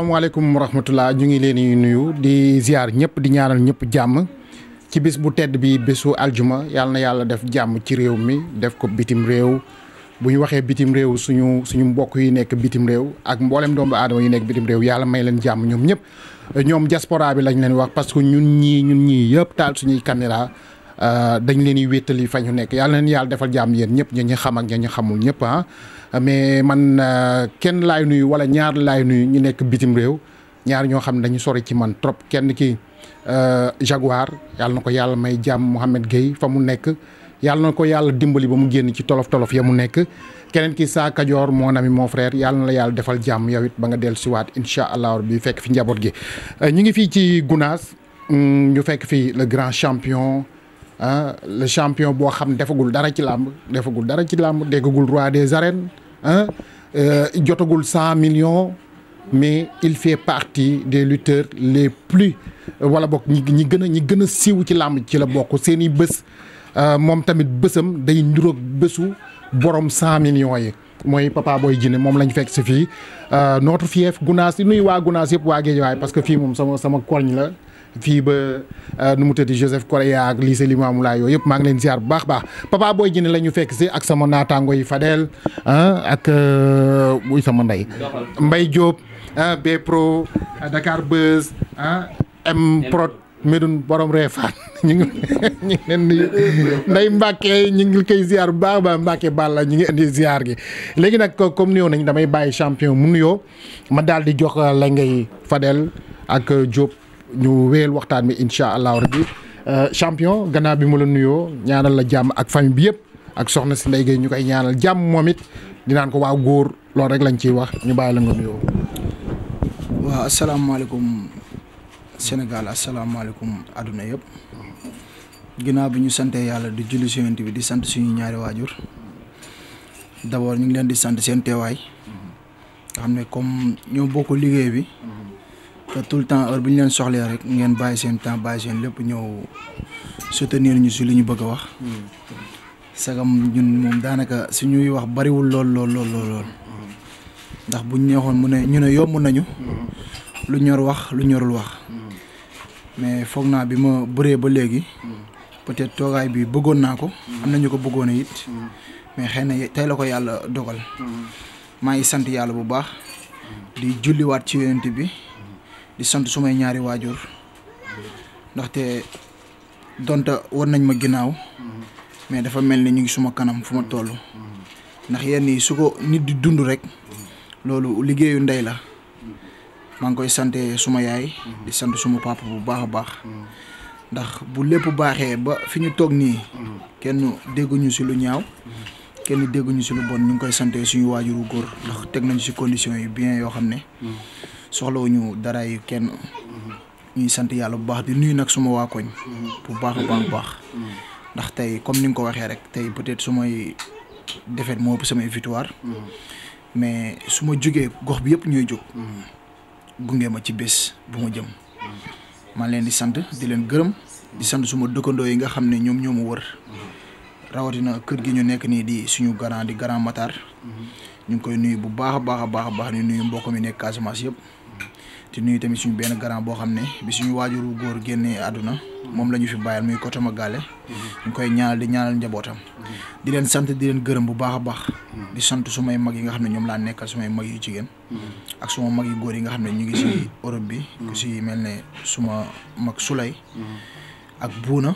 asalaamaaleykum wa rahmatulah ñu ngi leen di nuyu di ziar ñëpp di ñaanal ñëpp jàmm ci bis bu tedd bi bésu aljuma yàlla na yàlla def jàmm ci réew mi def ko bitim réew bu ñu waxee bitim réew suñu suñu mbokk yi nekk bitim réew ak mboolem doomu aadama yi nekk bitim réew yàlla may leen jàmm ñoom ñëpp ñoom diaspora bi lañ leen wax parce que ñun ñii ñun ñii yëpp taal suñuy caméra Euh, dañu leen di wéttali fa ñu nekk yàlla na leen yàlla defal jàmm yéen ñëpp ña ñu xam ak ña ñu xamul ñëpp ah. mais man euh, kenn laay nuyu wala ñaar laay nuyu ñu nekk bitim réew ñaar ñoo xam ne dañu sori ci man trop kenn ki euh, Jaguar yàlla na ko yàlla may jàmm Mouhamed Gueye fa mu nekk. yàlla na ko yàlla dimbali ba mu génn ci tolof tolof ya mu nekk keneen ki saa kajoor mon ami mon frère yàlla na la yàlla defal jàmm yow it ba nga dellu siwaat incha allah bi fekk fi njaboot gi. ngi fii ci Gunaas mm, fekk fi le champion. ah le champion boo xam defagul dara ci làmb defagul dara ci làmb déggagul roi des arènes ah euh, jotagul cent millions mais il fait partie des lutteurs les plus wala bokk ñi ñi gën a ñi gën a siiw ci làmb ci la bokk seen i bés ah, moom tamit bésam day njuróog bésu borom cent millions yi mooy papa booy jinne moom lañ fekk si fii ah, notre fief Gunaas nuyu waa Gunaas yëpp waa Géejawaay parce que fii moom sama sama koñ la fii ba euh, nu mu tëddi Joseph Correa ak lycée Limamoulaye yooyu yëpp maa ngi leen ziar bu baax baax Papa booy Djiné la ñu fekk si ak sama naataango yi Fadel ak buy euh, sama ndey Mbaye Diop Bpro borom reefaan ñu ngi ñu ngi ñu ngi koy bu baax ba Mbacke Balla ñu ngi indi ziar gi léegi nag comme nuyoo nañ damay bàyyi champion mu nuyoo ma daal di jox euh, la ngay Fadel ak Diop. ñu wéyal waxtaan mi incha allahu rabbi euh, champion gannaaw bi mu la nuyoo ñaanal la jàmm ak famille bi yëpp ak soxna si Ndeye Gueye ñu koy ñaanal jàmm moom it dinaan ko waaw góor loolu rek lañ ciy wax ñu bàyyi la nga nuyoo. waaw asalaamaaleykum Sénégal asalaamaaleykum àdduna yëpp ginnaaw bi ñu sante yàlla di julli si yonent di sant suñu ñaari waajur d'abord ñu ngi leen di sant seen teewaay nga xam ne comme ñoo bokk liggéey bi. te tout le temps heure bu ñu leen soxlee rek ngeen bàyyi seen temps bàyyi seen lépp ñëw soutenir ñu si li ñu bëgg a wax. sagam ñun moom daanaka suñuy wax bariwul lool lool lool lool. ndax buñ neexoon mu ne ñu ne yomb nañu. lu ñor wax lu ñorul wax. mais foog naa bi ma bëree ba léegi. peut-être toogaay bi bëggoon naa ko. am na ñu ko bëggoon a it. mais xëy na tey la ko yàlla dogal. maa ngi sant yàlla bu baax. di julliwaat ci yonent bi. di sant sumay ñaari waajur ndaxte donta war nañ ma ginnaaw mais dafa mel ni ñu ngi suma kanam fu ma toll ndax yenn yi su ko nit di dund rek loolu liggéeyu ndey la maa ngi koy sante suma yaay di sant suma papa bu baax a baax ndax bu lépp baaxee ba fi ñu toog nii kenn dégguñu si lu ñaaw kenn dégguñu ci lu bon ñu ngi koy sante suñu waajuru góor ndax teg nañ ci conditions yi bien yoo xam ne soxlawuñu dara yi kenn ñuy sant yàlla bu baax di nuyu nag suma waa koñ bu baax a baax baax ndax tey comme ni nga ko waxee rek tey peut-être su may défaite moo ëpp samay victoire mais su ma jógee gox bi yëpp ñooy jóg gunge ma ci bés bu ma jëm maa leen di sant di leen gërëm di sant suma dëkkandoo yi nga xam ne ñoom ñoo ma wër rawatina kër gi ñu nekk nii di suñu grand di grand Matar ñu ngi koy nuyu bu baax a baax a baax a baax ni nuyu mbokk mi nekk Casamance yëpp te nuyu tamit suñu benn grand boo xam ne bi suñu waajuru góor génnee àdduna moom lañu fi bàyyal muy côté Magaale mm-hmm. ñu koy ñaanal di ñaanal njabootam mm-hmm. di leen sant di leen gërëm bu baax a baax mm-hmm. di sant sumay mag yi nga xam ne ñoom laa nekkal sumay mag yu jigéen ak suma mag yu góor yi nga xam ne ñu ngi si Europe bi ku si mel ne suma mag Sulay ak Buuna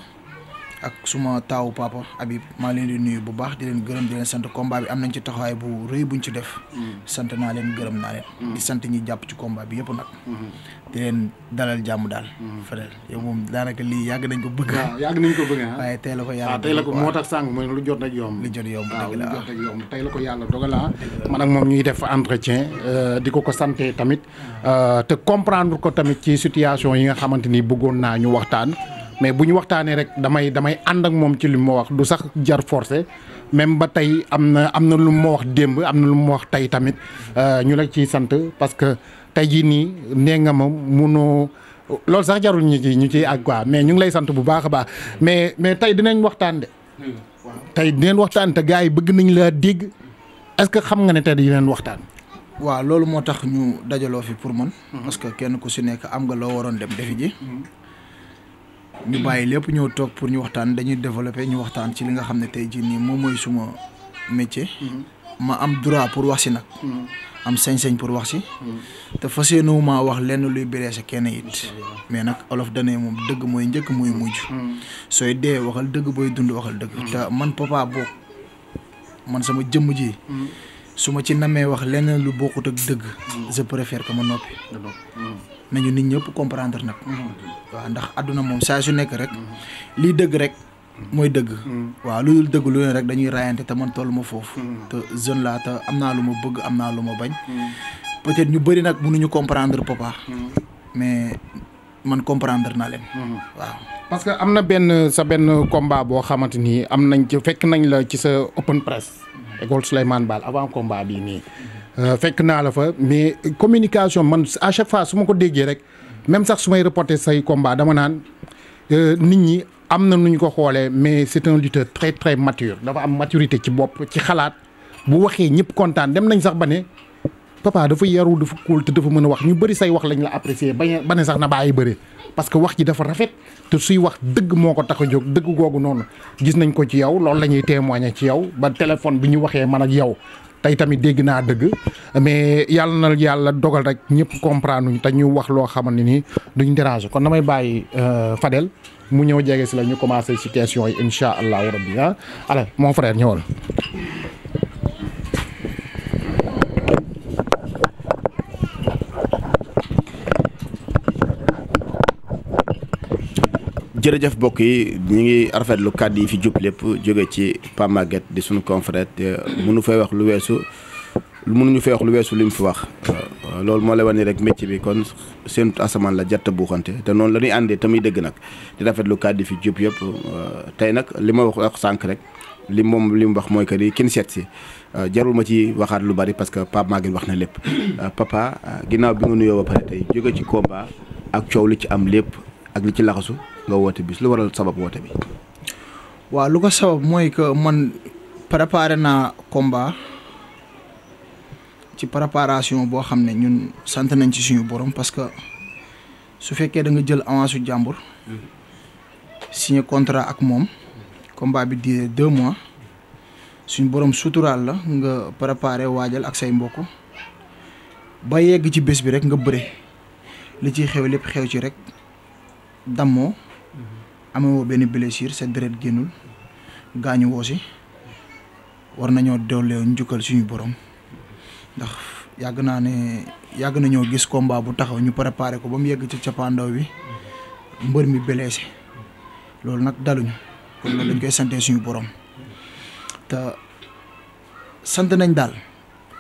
ak suma taawu papa Habib maa leen di nuyu bu baax di leen gërëm di leen sant combat bi am nañ ci taxawaay bu rëy ñu ci def. Mm. sant naa leen gërëm naa mm. sant ñi jàpp ci combat bi yëpp nag. Mm-hmm. di leen dalal daal. Mm-hmm. Fadel yow moom daanaka lii yàgg nañ ko bëgg. waaw yàgg nañ ko bëgg ah. waaye tey ko yàlla. waaw ah, la ko tax sànq mooy lu jot rek yomb. lu jot yomb dëgg la waaw lu jot rek yomb tey la ko yàlla dogalaa. Ah. man ak moom ñuy def entretien euh, di ko ko sante tamit ah. euh, te comprendre ko tamit ci situation yi nga xamante ni bëggoon naa ñu waxtaan mais bu ñu waxtaanee rek damay damay ànd ak moom ci li mu ma wax du sax jar forcé même ba tey am na am na lu mu ma wax démb am na lu mu ma wax tey tamit euh, ñu la ciy sant parce que tey jii nii nee nga ma munoo loolu sax jarul ñu ci ñu ciy ak quoi mais ñu ngi lay sant bu baax a baax mais mais tey dinañ waxtaan de. waaw tey dinañ waxtaan te gars yi bëgg nañ laa dégg est-ce que xam nga ne tey dinañ waxtaan. waaw loolu moo tax ñu dajaloo fi pour man. parce que kenn ku si nekk am nga loo waroon dem defi ji. Mm-hmm. ñu bàyyi lépp ñëw toog pour ñu waxtaan dañuy développer ñu waxtaan ci li nga xam ne tey jii nii moom mooy suma métier. Mm-hmm. ma am droit pour wax si nag. Mm-hmm. am sañ-sañ pour wax si. Mm-hmm. te fas yéenewu maa wax lenn luy béré sa kenn it. mais nag olof danee moom dëgg mooy njëkk mooy mujj. sooy dee waxal dëgg booy dund waxal dëgg. te man papa boog man sama jëmm ji. su ma ci namee wax lenn lu bokkut ak dëgg. je préfère ko ma noppi. nañu nit ñëpp comprendre nag. waaw ndax àdduna moom saa su nekk rek. lii dëgg rek. mooy dëgg. waaw lu dëgg lu ne rek dañuy raayante te man toll ma foofu. te jeune laa te am naa lu ma bëgg am naa lu ma bañ. peut-être ñu bëri nag mënuñu comprendre papa. mais man comprendre naa leen. waaw parce que am na benn sa benn combat boo xamante ni am nañ ci fekk nañ la ci sa open press. école Souleymane Baal avant combat bii nii. Euh, fekk naa la fa mais communication man à chaque fois su ma ko déggee rek même sax su may reporter say combat dama naan euh, nit ñi am na nu ñu ko xoolee mais c'est en lutteur très très mature dafa am maturité ci bopp ci xalaat bu waxee ñëpp kontaan dem nañ sax ba ne papa dafa yaru dafa kóol te dafa mën a wax ñu bëri say wax lañu la apprécier bañ ba ne sax na bàyyi bëri parce que wax ji dafa rafet te suy wax dëgg moo ko tax a jóg dëgg googu noonu gis nañ ko ci yow loolu la ñuy témoigner ci yow ba téléphone bi ñu waxee man ak yow tey tamit dégg naa dëgg mais yàlla na yàlla dogal rek ñëpp comprendre ñu te ñu wax loo xamante ni duñ déranger kon damay bàyyi euh, Fadel mu ñëw jege si la ñu commencé ci question yi incha allahu rabbi ah alors mon frère ñëwal. jërëjëf mbokk yi ñu ngi rafetlu kàddu yi fi jub lépp jóge ci Pa Maguette di suñu confrère te mënu fay wax lu weesu mënuñu fay wax lu weesu li mu wax loolu moo lay wane rek métier bi kon seen asamaan la jatt buuxante te noonu la ñuy àndee tamuy dëgg nag di rafetlu kàddu yi fi jub yëpp tey nag li ma wax sànq rek li moom li mu wax mooy que ni kin seet si jarul ci waxaat lu bari parce que Pape Maguette wax na lépp papa ginnaaw bi nga nuyoo ba pare tey jóge ci combat ak coow li ci am lépp ak li ci laxasu nga woote bis lu waral sabab woote bi. waaw lu ko sabab mooy que man préparé naa combat ci préparation boo xam ne ñun sant nañ ci suñu borom parce que su fekkee da nga jël avance su jàmbur. contrat ak moom. combat bi di deux mois. suñu borom suturaal la nga préparé waajal ak say mbokk ba yegg ci bés bi rek nga bëre li ciy xew lépp xew ci rek dammoo amewoo benn blessure sa deret génnul gaañu woo si war nañoo dooleew njukkal suñu borom ndax yàgg naa ne yàgg nañoo gis combat bu taxaw ñu préparé ko ba mu yegg ci cappaandaw bi mbër mi blessé loolu nag daluñu kon loolu dañ koy sante suñu borom te sant nañ daal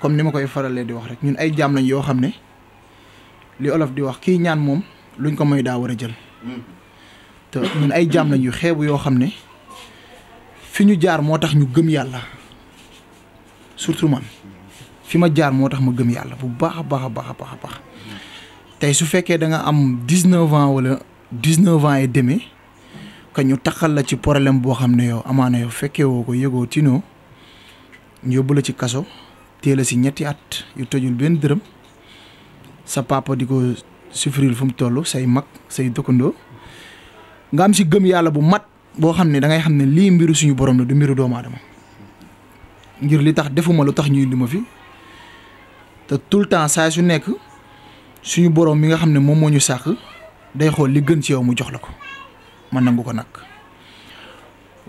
comme ni ma koy faralee di wax rek ñun ay jaam lañ yoo xam ne li olof di wax kii ñaan moom luñ ko moy daa war a jël te ñun ay jaam lañu xeebu yoo xam ne fi ñu jaar moo tax ñu gëm yàlla surtout man fi ma jaar moo tax ma gëm yàlla bu baax a baax a baax a baax a baax tey su fekkee da nga am dix-neuf ans wala dix-neuf ans et deme que ñu taxal la ci problème boo xam ne yow amaana yow fekkee woo ko yëgoo tinoo ñu yóbbu la ci kaso téye si ñetti at yu tojul benn dërëm sa papa di ko souffrir fu mu toll say mag say dëkkandoo nga am si gëm yàlla bu mat boo xam ne da ngay xam ne lii mbiru suñu borom la du mbiru doomu aadama ngir li tax defuma lu tax ñuy li fi te tout le temps saa su nekk suñu borom mi nga xam ne moom moo ñu sàkk day xool li gën ci yow mu jox la ko ma nangu ko nag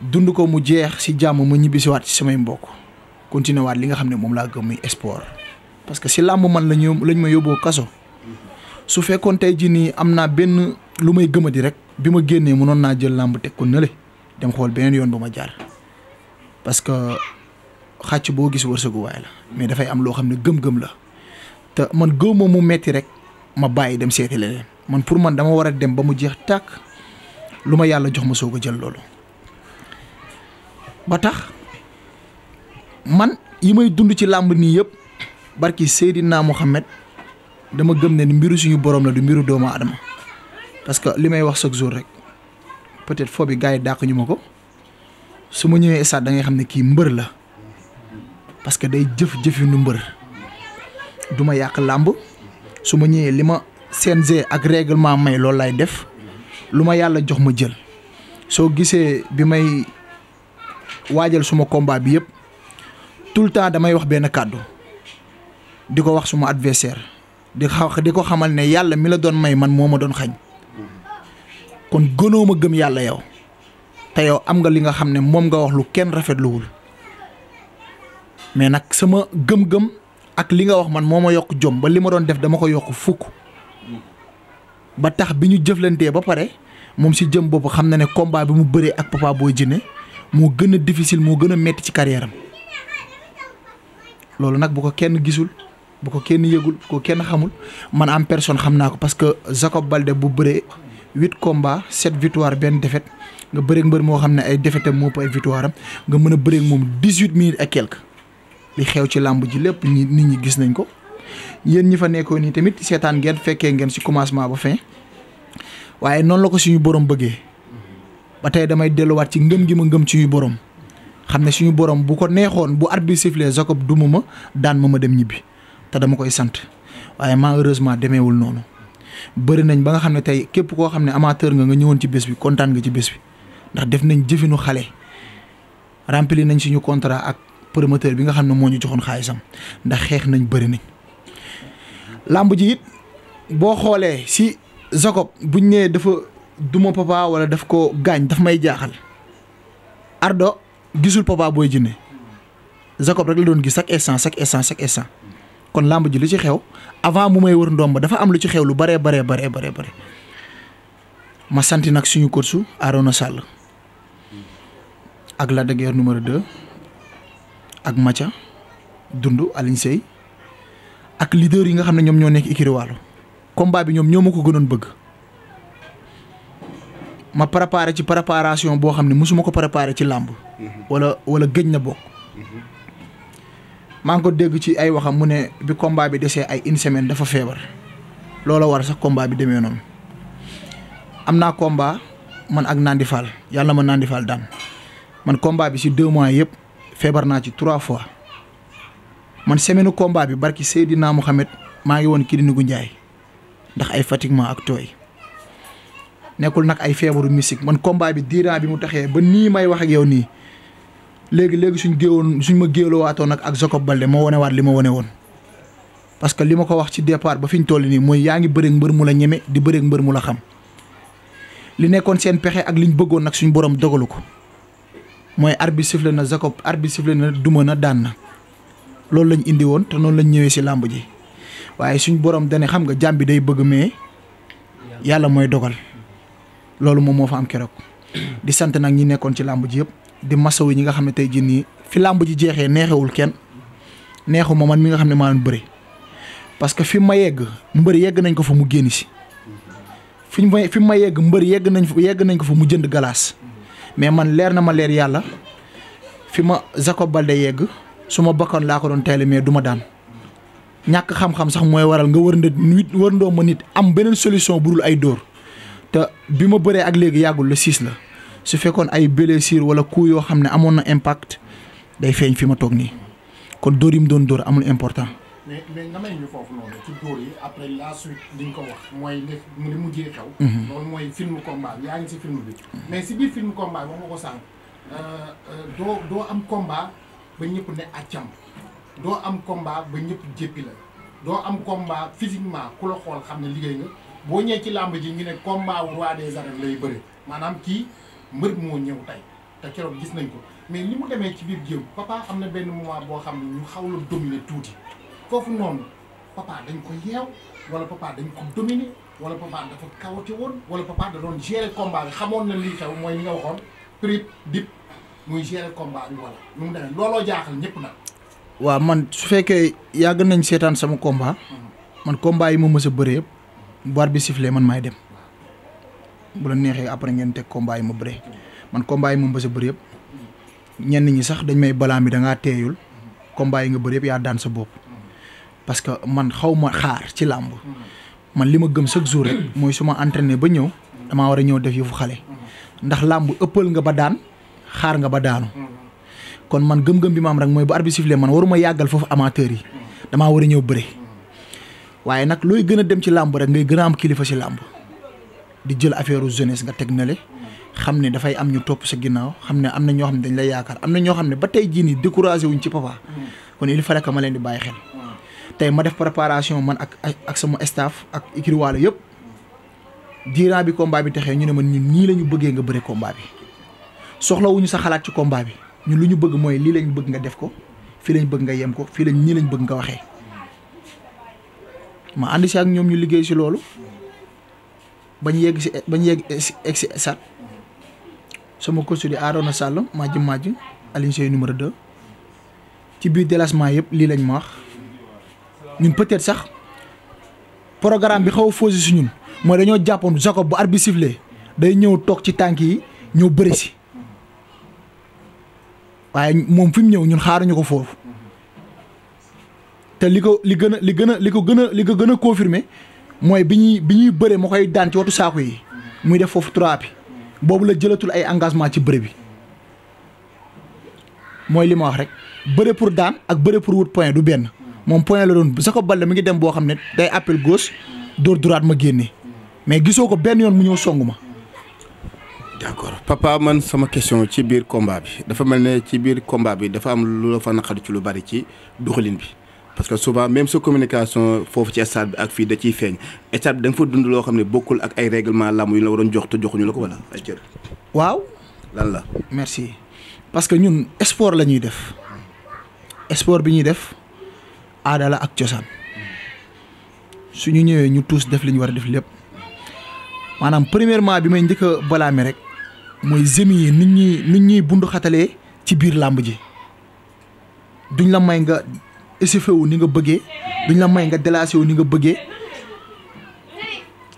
dund ko mu jeex si jàmm ma ñibbisiwaat ci samay mbokk continuer waat li nga xam ne moom laa gëm muy sport parce que si làmb man lañu lañ ma yóbboo kaso su fekkoon tey jii nii am naa benn lu may gëma di rek bi ma génnee mënoon naa jël làmb teg ko nële dem xool beneen yoon bu ma jaar parce que xàcc boo gis wërsëguwaay la mais dafay am loo xam ne gëm-gëm la te man gëw mu metti rek ma bàyyi dem seeti leneen man pour man dama war a dem ba mu jeex tàkk lu ma yàlla jox ma soog a jël loolu ba tax man yi may dund ci làmb nii yëpp barki naa Mohamed dama gëm ne mbiru suñu borom la du mbiru doomu adama parce que li may wax chaque jour rek peut-être foo bi gars yi dàq ñu ma ko su ma ñëwee stade da ngay xam ne kii mbër la parce que day jëf jëfinu mbër du ma yàq làmb su ma ñëwee li ma CNG ak règlement may loolu lay def lu ma yàlla jox ma jël soo gisee bi may waajal suma combat bi yëpp tout le temps damay wax benn kàddu di ko wax suma adversaire di xaw di ko xamal ne yàlla mi la doon may man moo ma doon xañ kon gënoo ma gëm yàlla yow te yow am nga li nga xam ne moom nga wax lu kenn rafetluwul mais nag sama gëm-gëm ak li nga wax man moo ma yokk jom ba li ma doon def dama ko yokk fukk ba tax bi ñu jëflantee ba pare moom si jëm bopp xam na ne combat bi mu bëree ak Papa Boy Djiné moo gën a difficile moo gën a metti ci carrière loolu nag bu ko kenn gisul bu ko kenn yégul ko kenn xamul man am personne xam naa ko parce que Jacob Balde bu bëree huit combats sept victoire benn défaite nga bëreeg mbër moo xam ne ay défaite am moo ëpp ay victoire nga mën a bëreeg moom dix huit minutes et quelque li xew ci làmb ji lépp ñi nit ñi gis nañ ko. yéen ñi fa nekkoon nii tamit seetaan ngeen fekkee ngeen ci commencement ba fin waaye noonu la ko suñu borom bëggee ba tey damay delluwaat ci ngëm gi ma ngëm suñu borom xam ne suñu borom bu ko neexoon bu arbitre bi sifflee Jacob ma daan ma ma dem ñibbi. te dama koy sant waaye malheureusement demeewul noonu bëri nañ ba nga xam ne tey képp koo xam ne amateur nga nga ñëwoon ci bés bi kontaan nga ci bés bi ndax def nañ jëfinu xale rempli nañ suñu contrat ak promoteur bi nga xam ne moo ñu joxoon xaalisam ndax xeex nañ bëri nañ làmb ji it boo xoolee si Jacob buñ nee dafa duma papa wala daf ko gaañ daf may jaaxal Ardo gisul papa booy jinne Jacob rek la doon gis chaque instant chaque instant kon làmb ji lu ci xew avant mu may wër ndomb dafa am lu ci xew lu bëree baree baree bare bëri ma sant nag suñu coach Arona Sall ak Lac de Guiers numéro 2 ak Mathia dund Alioune ak leader yi nga xam ne ñoom ñoo nekk Ikiri Waalo combat bi ñoom ñoo ma ko gënoon bëgg ma préparé ci préparation boo xam ne mosuma ko préparé ci làmb mhm. wala wala gëj na bokk mhm. maa ngi ko dégg ci ay waxam mu ne bi combat bi desee ay une semaine dafa feebar loola war sax combat bi demee noonu am naa combat man ak Nandi yàlla ma Nandi Fall daan man combat bi si deux mois yëpp feebar naa ci trois fois man semaine combat bi barki Seydina Mohamed maa ngi woon clinique gu Ndiaye ndax ay fatiguement ak tooy nekkul nag ay feebaru musique man combat bi diiraa bi mu taxee ba nii may wax ak yow nii. léegi léegi suñ géewoon suñ ma géewlawaatoon nag ak Jacob Balde ma wane waat li ma wane woon parce que li ma ko wax ci départ ba fi ñu toll nii mooy yaa ngi bëreeg mbër mu la ñeme di bëreeg mbër mu la xam li nekkoon seen pexe ak li ñu bëggoon nag suñ borom dogalu ko mooy arbitre sifflé na Jacob arbitre sifflé na duma na daan na loolu lañ indi woon te noonu lañ ñëwee si làmb ji waaye suñ borom dane xam nga jàmm bi day bëgg mais yàlla mooy dogal loolu moom moo fa am keroog di sant nag ñi nekkoon ci làmb ji yëpp. di masawu ñi nga xam ne tey jii nii fi làmb ji jeexee neexewul kenn neexu ma man mi nga xam ne maa doon bëri parce que fi ma yegg mbër yegg nañ ko fa mu génn si fi ma fi ma yegg mbër yegg nañ yegg nañ ko fa mu jënd galaas mais man leer na ma leer yàlla fi ma Jacob de yegg su ma bakkoon laa ko doon teel mais du ma daan ñàkk xam-xam sax mooy waral nga wër nit wër ndoo ma nit am beneen solution bu dul ay dóor te bi ma bëree ak léegi yàggul la six la. su fekkoon ay blessure wala coup yoo xam ne amoon na impact day feeñ fi ma toog nii kon dóor yi mu doon dóor amul important. mais mais nga may ñu foofu noonu ci dóor yi après la suite li ñu ko wax mooy li li mujjee xew. Mhm. loolu mooy film combat yaa ngi si film bi. mais si biir film combat wax nga ko sànq euh, euh, doo doo am combat ba ñëpp ne àccam doo am combat ba ñëpp jéppi la doo am combat physiquement ku la xool xam ne liggéey nga boo ñëwee ci làmb ji ñu ne combat roi des arènes lay bëri maanaam kii. mbër moo ñëw tey te keroog gis nañ ko mais ni mu demee ci biir géew papa am na benn moment boo xam ne ñu xaw la dominer tuuti foofu noonu papa dañ ko yeew wala papa dañ ko dominer wala papa dafa kawate woon wala papa da doon gérer combat bi xamoon na lii xew mooy li nga waxoon prip muy gérer combat bi wala nu mu demee looloo jaaxal ñëpp nag. waaw man su fekkee yàgg nañ seetaan sama combat. Mm-hmm. man combat yi ma mës a bëree bi sifflé man maay dem. bu la neexee après ngeen teg combat yi ma bëre man combat moom ba sa bëri yëpp ñenn ñi sax dañ may balaam bi da ngaa teeyul combat yi nga bëri yëpp yaa daan sa bopp parce que man xaw ma xaar ci làmb man li ma gëm chaque jour rek mooy su ma entraîné ba ñëw damaa war a ñëw def yëfu xale ndax làmb ëppal nga ba daan xaar nga ba daanu kon man gëm-gëm bi ma am rek mooy bu arbitre sifflé man waruma yàggal foofu amateur yi dama war a ñëw bëre waaye nag looy gën a dem ci làmb rek ngay gën a am kilifa ci làmb di jël affaire jeunesse nga teg nale xam ne dafay am ñu topp sa ginnaaw xam ne am na ñoo xam ne dañ lay yaakaar am na ñoo xam ne ba tey jii nii découragé wuñ ci papa. kon il fallait que ma leen di bàyyi xel. tey ma def préparation man ak ak sama staf ak écurie Walo yëpp diiraa bi combat bi taxee ñu ne man ñun ñii lañu bëggee nga bëre combat bi soxlawuñu sa xalaat ci combat bi ñun lu ñu bëgg mooy lii lañ bëgg nga def ko fii lañ bëgg nga yem ko fii lañ nii lañ bëgg nga waxee ma ànd si ak ñoom ñu liggéey si loolu. bañ ñu yegg si ba ñu yegg si egg si sat sama coach di Arona Sall majj majj Alioune Seye numéro 2 ci biir délassement yëpp lii lañ ma wax ñun peut-être sax programme bi xaw a faussé ñun mooy dañoo jàppoon Jacob bu arbitre sifflé day ñëw toog ci tànk yi ñëw bëri si waaye moom fi mu ñëw ñun xaaruñu ko foofu te li ko li gën a li gën a li ko gën a li ko gën a confirmer mooy bi ñuy bi ñuy bëre ma koy daan ci watu saako yi muy def foofu trois bi boobu la jëlatul ay engagement ci bëre bi mooy li ma wax rek bëre pour daan ak bëre pour wut point du benn moom point la doon bu Jacob Baldé mi ngi dem boo xam ne day appel gauche dóor droite ma génne mais gisoo ko benn yoon mu ñëw song ma. d'accord papa man sama question ci biir combat bi dafa mel ne ci biir combat bi dafa am lu la fa naqari ci lu bari ci doxalin bi. parce que souvent même sa communication foofu ci stade bi ak fii da ciy feeñ stade bi da fa dund loo xam ne bokkul ak ay règlement làmb yu la waroon jox te joxuñu la ko wala ay cër. waaw. lan la. merci parce que ñun sport la ñuy def sport bi ñuy def aada ak cosaan su ñu ñëwee ñu tous def li ñu war a def lépp maanaam premièrement bi may njëkk a balaame rek mooy zemi yi nit ñi nit ñuy bundu xatalee ci biir làmb ji duñ la may nga. échauffé wu ni nga bëggee duñ la may nga délassé wu ni nga bëggee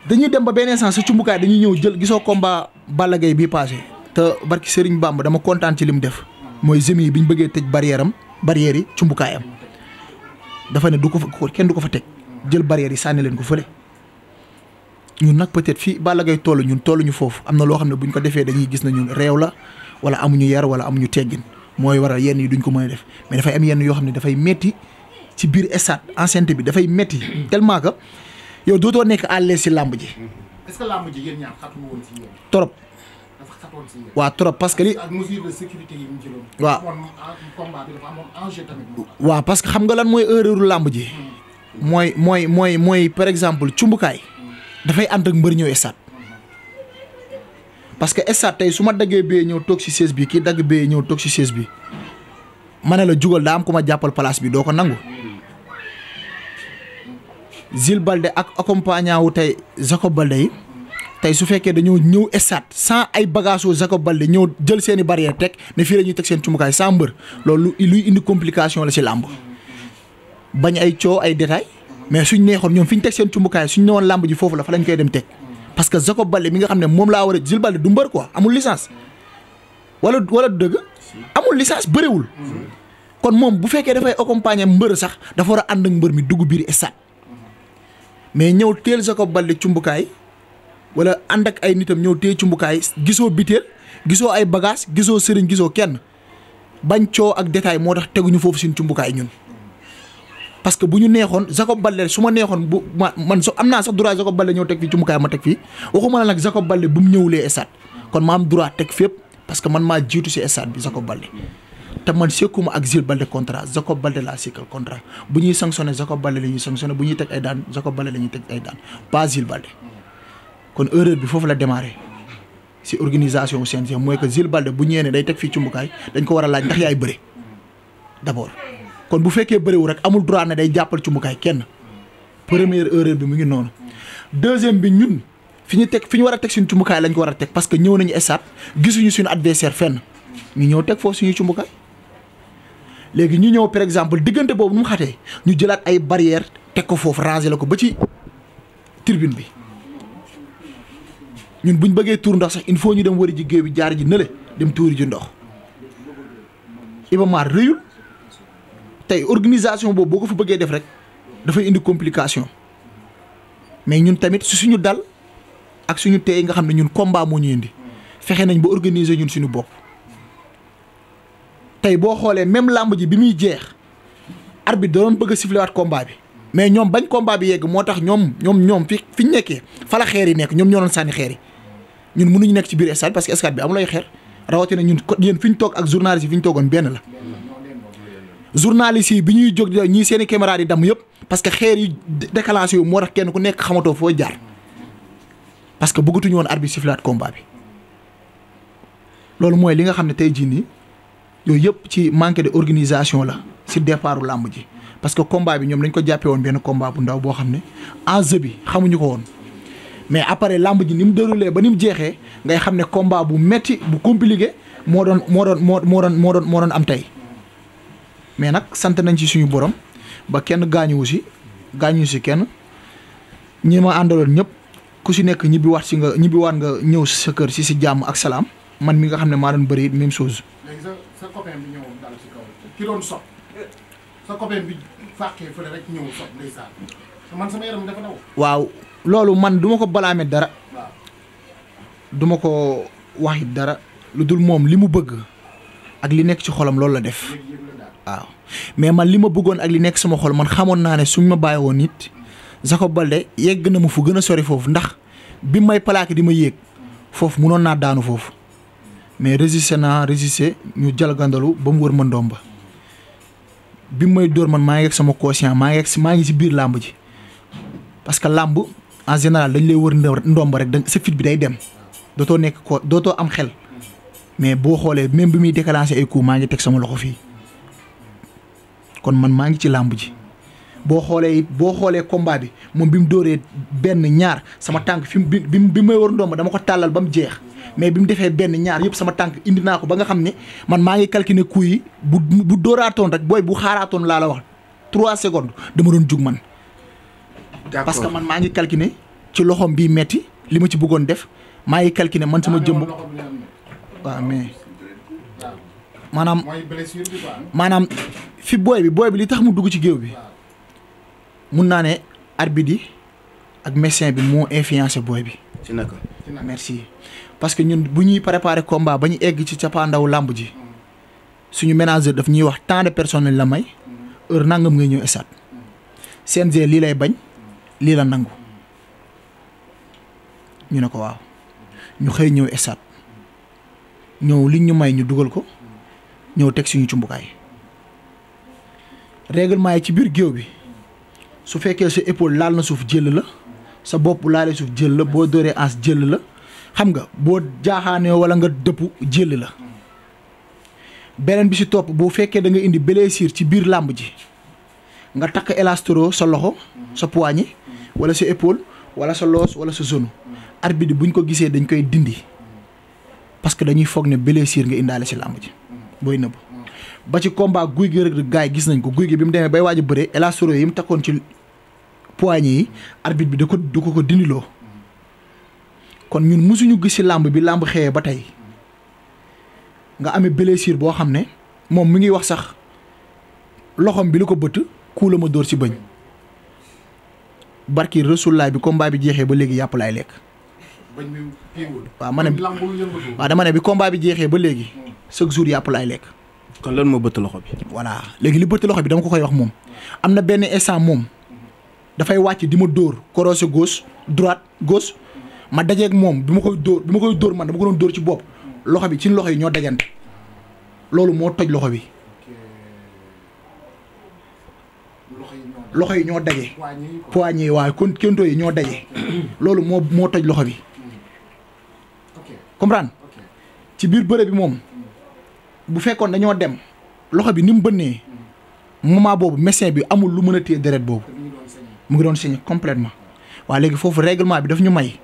dañuy dem ba benn instant sa cumbukaay dañuy ñëw jël gisoo combat Balla bii passé te barki Serigne Bamba dama kontaan ci li mu def mooy jeunes yi bi ñu bëggee tëj barrière am barrière yi cumbukaayam dafa ne du ko fa kenn du ko fa teg jël barrière yi sànni leen ko fële. ñu nag peut-être fii Balla Gaye ñun ñun ñu foofu am na loo xam ne bu buñ ko defee dañuy gis nañu ñun réew la wala amuñu yar wala amuñu teggin. mooy waral yenn yi duñ ko mën a def mais dafay am yenn yoo xam ne dafay metti ci biir stade enceinte bi dafay metti tellement que yow dootoo nekk à si làmb ji. est-ce que làmb ji yéen ñaar xatu trop. dafa xatoon parce que li. ak mesure parce que xam nga lan mooy erreur làmb ji. Hmm. mooy mooy mooy mooy par exemple cumbukaay. Hmm. dafay ànd ak mbër ñëw stade. parce que stade tey su ma daggee bee ñëw toog si chaise bi kii dagg bee ñëw toog si chaise bi ma ne la jugal daa am ku ma jàppal place bi doo ko nangu. Zil Balde ak accompagnant wu tey Jacob Balde yi tey su fekkee dañoo ñëw stade sans ay bagages wu Jacob Balde ñëw jël seen i barrière teg ne fii la ñuy teg seen cumukaay sans mbër loolu luy indi complication la si làmb bañ ay coow ay détails mais suñ neexoon ñoom fi ñu teg seen cumukaay suñ newoon làmb ji foofu la fa lañ koy dem teg. parce que Jacob Baldé mi nga xam ne moom laa war a Jules Baldé du mbër quoi amul licence wala wala dëgg amul licence bëriwul kon moom bu fekkee dafay accompagner mbër sax dafa war a ànd ak mbër mi dugg biir esat mais ñëw teel Jacob Baldé cumbukaay wala ànd ak ay nitam ñëw teel cumbukaay gisoo biteel gisoo ay bagage gisoo sëriñ gisoo kenn bañ coow ak détail moo tax teguñu foofu suñ cumbukaay ñun. parce que bu ñu neexoon Jacob Baldé su ma neexoon bu ma man so am naa sax droit Jacob Baldé ñëw teg fii ci mukaay ma teg fii waxuma la nag Jacob Baldé bu mu ñëwulee kon ma am droit teg fépp parce que man maa jiitu si stade bi Jacob Baldé te man sekkuma ak Jules Baldé contrat Jacob Baldé laa sekkal contra bu ñuy sanctionné Jacob Baldé la ñuy sanctionné bu ñuy teg ay daan Jacob Baldé la ñuy teg ay daan pas Jules Baldé kon erreur bi foofu la démarré si organisation CNG mooy que Jules Baldé bu ñëwee day teg fii ci dañ ko war a laaj ndax yaay bëre d'abord kon bu fekkee bëriwul rek amul droit ne day jàppal ci mukaay kenn première erreur bi mu ngi noonu deuxième bi ñun fi ñu teg fi ñu war a teg suñu cumbukaay lañ ko war a teg parce que ñëw nañu esaat gisuñu suñu adversaire fenn ñu ñëw teg foofu suñu cumbukaay léegi ñu ñëw par exemple diggante boobu nu mu xatee ñu jëlaat ay barrière teg ko foofu ranger la ko ba ci tribune bi ñun buñ bëggee tuur ndox sax il faut ñu dem wari ji géew bi jaar ji nële dem tuuri ji ndox Iba tey organisation boobu boo ko fa bëggee def rek dafay indi complication mais ñun tamit su suñu dal ak suñu tey nga xam ne ñun combat moo ñu indi fexe nañ ba organiser ñun suñu bopp. tey boo xoolee même làmb ji bi muy jeex ar bi da doon bëgg a siflewaat combat bi mais ñoom bañ combat bi yegg moo tax ñoom ñoom ñoom fi fi ñu nekkee fala la xeer yi nekk ñoom ñoo doon sànni xeer yi ñun mënuñu nekk ci biir stade parce que stade bi amul ay xeer rawatina ñun yéen fi ñu toog ak journaliste yi ñu toogoon benn la. journaliste yi bi ñuy jóg ñii seen i caméra di dam yëpp parce que xeer yi décalage yooyu moo tax kenn ku nekk xamatoo foo jaar parce que bëggatuñu woon arbitre sifflaat combat bi loolu mooy li nga xam ne tey jii nii yooyu yëpp ci manque de organisation la si départu làmb ji parce que combat bi ñoom dañ ko jàppee woon benn combat bu ndaw boo xam ne enjeu bi xamuñu ko woon mais après làmb ji ni mu déroulé ba ni mu jeexee ngay xam ne combat bu metti bu compliqué moo doon moo doon moo moo doon moo doon moo doon am tey mais nag sant nañ ci suñu borom ba kenn gaañuwu si gaañu si kenn ñi ma àndaloon ñëpp ku si nekk ñibbi wax si nga ñibbi waat nga ñëw sa kër si si jàmm ak salaam man mi nga xam ne maa doon bëri même chose. léegi waaw loolu man duma ko balaame dara. duma ko waxit dara lu dul moom li mu bëgg ak li nekk ci xolam loolu la def. waaw mais man li ma bëggoon ak li nekk sama xol man xamoon naa ne suñ ma bàyyi woon nit Jacob Baldé yegg na ma fu gën a sori foofu ndax bi may plaqué di ma yéeg foofu munoon naa daanu foofu mais résisté naa résisté ñu jalgandalu ba mu wër ma ndomba bi may dóor man maa ngi ak sama conscient maa ngi ak maa ngi si biir làmb ji parce que làmb en général dañ lay wër ndomba rek da sa fit bi day dem dootoo nekk ko dootoo am xel mais boo xoolee même bi muy déclenché ay coups teg sama loxo fii. kon man maa ngi ci làmb ji boo xoolee boo xoolee combat bi moom bi mu dóoree benn ñaar sama tànk fi mu bi bi may war ndomba dama ko tàllal ba mu jeex mais bi mu defee benn ñaar yëpp sama tànk indi naa ko ba nga xam ne man maa ngi calculer coup yi bu bu dóoraatoon rek booy bu xaaraatoon laa la wax trois secondes dama doon jug man. parce que man maa ngi calculer ci loxoom bii metti li ma ci bëggoon def maa ngi calculer man sama jëmm. waaw mais maanaam maanaam. fi booy bi booy bi li tax mu dugg ci géew bi mun naa ne arbitre yi ak médecin bi moo influencé booy bi. ci naka merci parce que ñun bu ñuy préparer combat ba ñu egg ci cappaandaw làmb ji suñu ménager daf ñuy wax tant de personnes la may heure nangam ngay ñëw esat CNG lii lay bañ lii la nangu ñu ne ko waaw ñu xëy ñëw esat ñëw liñ ñu may ñu dugal ko ñëw teg suñu cumbukaay. règlement yi ci biir géew bi su fekkee sa épaule laal na suuf jël la sa bopp laalee suuf jël la boo doree ans jël la xam nga boo jaaxaanee wala nga dëpp jël la beneen bi si topp boo fekkee da nga indi blessure ci biir làmb ji nga takk élastro sa loxo sa poignet wala sa épaule wala sa loos wala sa zone arbitre buñ ko gisee dañ koy dindi parce que dañuy foog ne blessure nga indaale si làmb ji booy nëbb ba ci combat guy gi rek de gis nañ ko guy gi bi mu demee bay waaj a bëre yi mu takkoon ci poignet yi arbitre bi da ko da ko ko dindiloo kon ñun mësuñu gis ci làmb bi làmb xëyee ba tey nga amee blessure boo xam ne moom mi ngi wax sax loxoom bi la ko bëtt kuu ma dóor ci bëñ barki Rasulullah bi combat bi jeexee ba léegi yàpp laay lekk. waaw ma ne waaw dama ne bi combat bi jeexee ba léegi chaque jour yàpp laay lekk. kon lan moo bëtt loxo bi. voilà léegi li bëtt loxo bi dama ko koy wax moom am na benn instant moom dafay wàcc di ma dóor croisé gos droite gos ma dajeeg moom bi ma koy dóor bi ma koy dóor man dama ko doon dóor ci bopp loxo bi ci loxo yi ñoo dajante loolu moo toj loxo bi. loxo yi ñoo daje. poignet yi waaye kon kento yi ñoo daje. loolu moo moo toj loxo bi. comprendre ci biir bëre bi moom. bu fekkoon dañoo dem loxo bi ni mu bënnee moment boobu médecin bi amul lu mën a téye deret boobu mu ngi doon saigné complètement waa léegi foofu reglement bi daf ñu may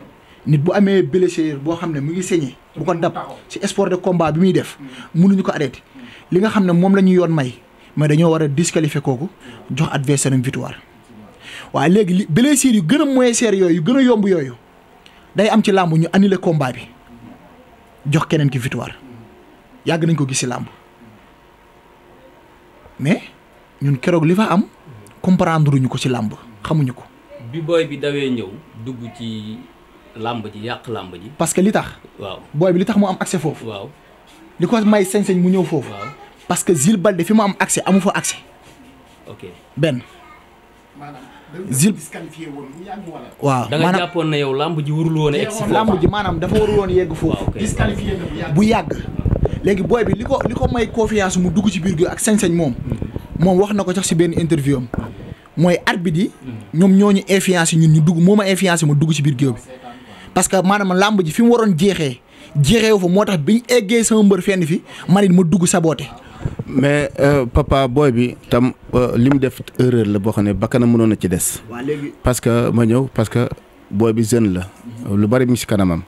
nit bu amee blessure boo xam ne mu ngi saigné bu ko dab ci sport de combat bi muy def mënuñu ko arrêté li nga xam ne moom la ñu yoon may mais dañoo war a disqualifier kooku jox adversaire am victoire waa léegi li blessure yu gën a moyen seer yooyu yu gën a yomb yooyu day am ci làmb ñu annuler combat bi jox keneen ki yàgg nañ ko gis ci làmb mais ñun keroog li fa am comprendre ñu ko ci làmb xamuñu ko. bi booy bi dawee ñëw dugg ci làmb ji yàq làmb ji. parce que li tax. waaw booy bi tax mu am accès foofu. waaw li ko may sañ mu ñëw foofu. parce que Zil Balde fi mu am accès amu fa accès. ok benn. maanaam zil woon waaw da nga jàppoon na yow làmb ji warul woon a egg làmb ji maanaam dafa warul woon yegg foofu. disqualifié bu yàgg. léegi booy bi li ko li ko may confiance mu dugg ci biir gi ak sañ-sañ moom moom wax na ko sax si benn interview am mooy arbitre di ñoom ñoo ñu influencé ñun ñu dugg moo ma influencé ma dugg ci biir géew bi parce que maanaam làmb ji fi mu waroon jeexee jeexeewu fa moo tax bi ñu eggee sama mbër fenn fi man ma dugg saboote mais euh, papa booy bi tam euh, li mu def erreur la boo xam ne bakkanam mënoon na ci des. parce que ma ñëw parce que booy bi jeune la. Mhm. lu bari mi si kanamam.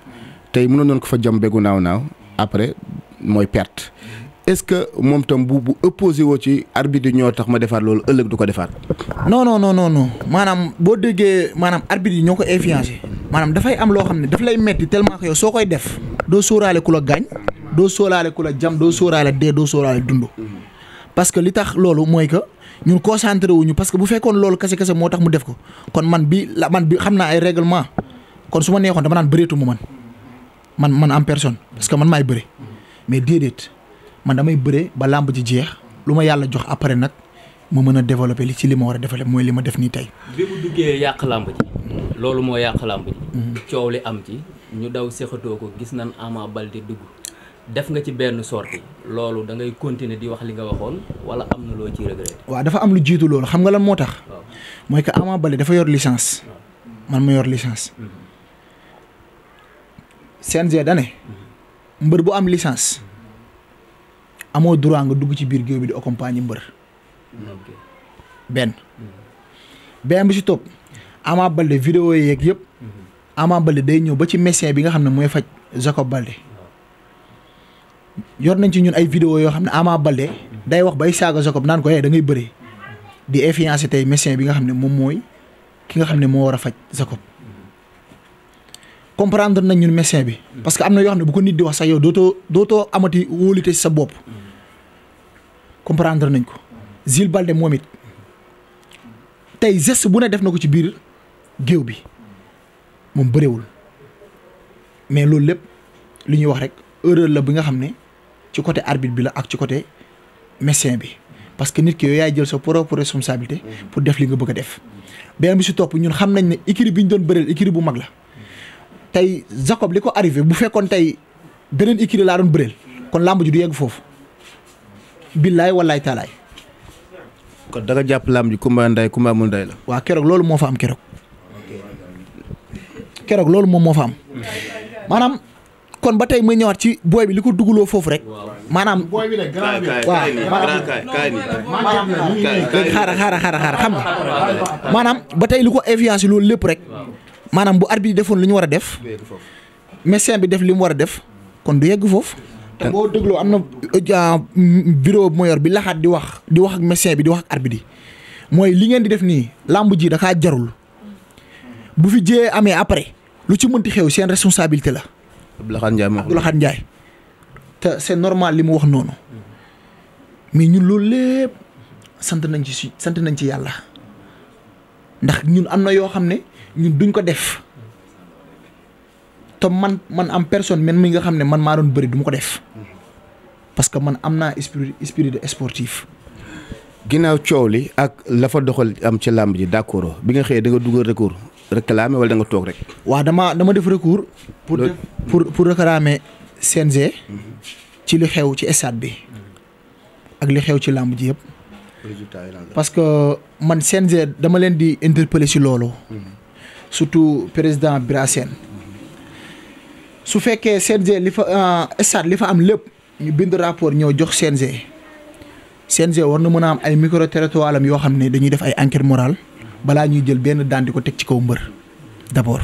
tey mënoon nañ ko fa jom naaw naaw. après mooy perte est-ce que moom tam bu bu opposé woo ci arbitre yi ñoo tax ma defaat loolu ëllëg du ko defaat. no non non non non maanaam boo déggee maanaam arbitre yi ñoo ko influencé maanaam dafay am loo xam ne daf lay metti tellement que yow soo koy def doo sóoraale ku la gaañ doo sóoraale ku la jam doo sóoraale dee doo sóoraale dund. parce que li tax loolu mooy que ñun concentré wuñu parce que bu fekkoon loolu kese kese moo tax mu def ko kon man bi la man bi xam naa ay règlement kon su ma neexoon dama naan bëreetu ma man. man man am personne parce que man maay bëre mais déedéet man damay bëre ba làmb ci jeex lu ma yàlla jox après nag ma mën a développer li ci li ma war a defale mooy li ma def nii tey. bi mu duggee yàq làmb ji. loolu moo yàq làmb ji. Mhm. coow li am ci ñu daw séxatoo ko gis nañ Ama Baldé dugg def nga ci benn sortie loolu da ngay continuer di wax li nga waxoon wala am na loo ciy regret. waa dafa am lu jiitu loolu xam nga lan moo tax. mooy que Ama Baldé dafa yor licence. man ma yor licence. Mhm. CNG da ne mbër bu am licence amoo droit nga dugg ci biir géew bi di accompagner mbër benn mhm. benn bi ci topp Ama Baldé vidéo yeeg yëpp mhm. Ama Baldé day ñëw ba ci médecin bi nga xam ne mooy faj Jacob Baldé yor nañ ci ñun ay video yoo xam ne Ama Baldé day wax bay saaga Jacob naan ko yee eh, da ngay bëree di influencer tey médecin bi nga xam ne moom mooy ki nga xam ne moo war a faj Jacob comprendre nañ ñun messin bi. parce que am na yoo xam ne bu ko nit di wax sax yow dootoo dootoo amati wóolite sa bopp. comprendre nañ ko. Zil Balde moom it tey geste bu ne def na ko ci biir géew bi moom bëriwul mais loolu lépp li ñuy wax rek erreur la bi nga xam ne ci côté arbitre bi la ak ci côté messin bi. parce que nit ki yow yaay jël sa propre responsabilité. pour def li nga bëgg a def. beneen bi si topp ñun xam nañ ne écurie bi ñu doon bëreel écurie bu mag la. tey Jacob li ko arrivé bu fekkoon tey beneen écurie laa doon bëreel kon làmb ji du yegg foofu billaay wallaay taalaay. kon da jàpp làmb ji kumba nday kumba amul la. waaw keroog loolu moo fa am keroog keroog loolu moom moo fa am maanaam kon ba tey may ñëwaat ci booy bi li ko dugaloo foofu rek maanaam. booy bi grand bi waaw maanaam xaara xaara xaara xam nga maanaam ba tey li ko influence loolu lépp rek. maanaam bu arbitre defoon li ñu war a def. médecin bi def li mu war a def kon du yegg foofu. te boo dégloo am na euh, bureau bu ma bi laxaat di wax di wax ak médecin bi di wax ak arbitre mooy li ngeen di def nii làmb ji da jarul bu fi jiyee amee après lu ci mënti xew seen responsabilité la. Abdoulaye Ndiaye ma Abdoulaye Ndiaye te c'est normal li mu wax noonu mais ñun loolu lépp sant nañ ci si sant nañ ci yàlla ndax ñun am na yoo xam ne. ñun duñ ko def te man man am personne man mi nga xam ne man maa doon bëri du ma ko def parce que man am naa esprit esprit de sportif. ginnaaw coow li ak la fa doxal am ci làmb ji d'accord bi nga xëyee da nga dugal recours réclamer wala da danga toog rek. waaw dama dama def recours. pour pour pour réclamer CNG. ci li xew ci stade bi. ak li xew ci làmb ji yëpp. parce que man CNG dama leen di interpeller ci loolu. Mhm. surtout président Birasène su fekkee CNG li fa euh, stade li fa am lépp ñu bind rapport ñëw jox CNG CNG war na mën a am ay micro territoire yoo xam ne dañuy def ay enquête morale balaa ñuy jël benn daan di ko teg ci kaw mbër d'abord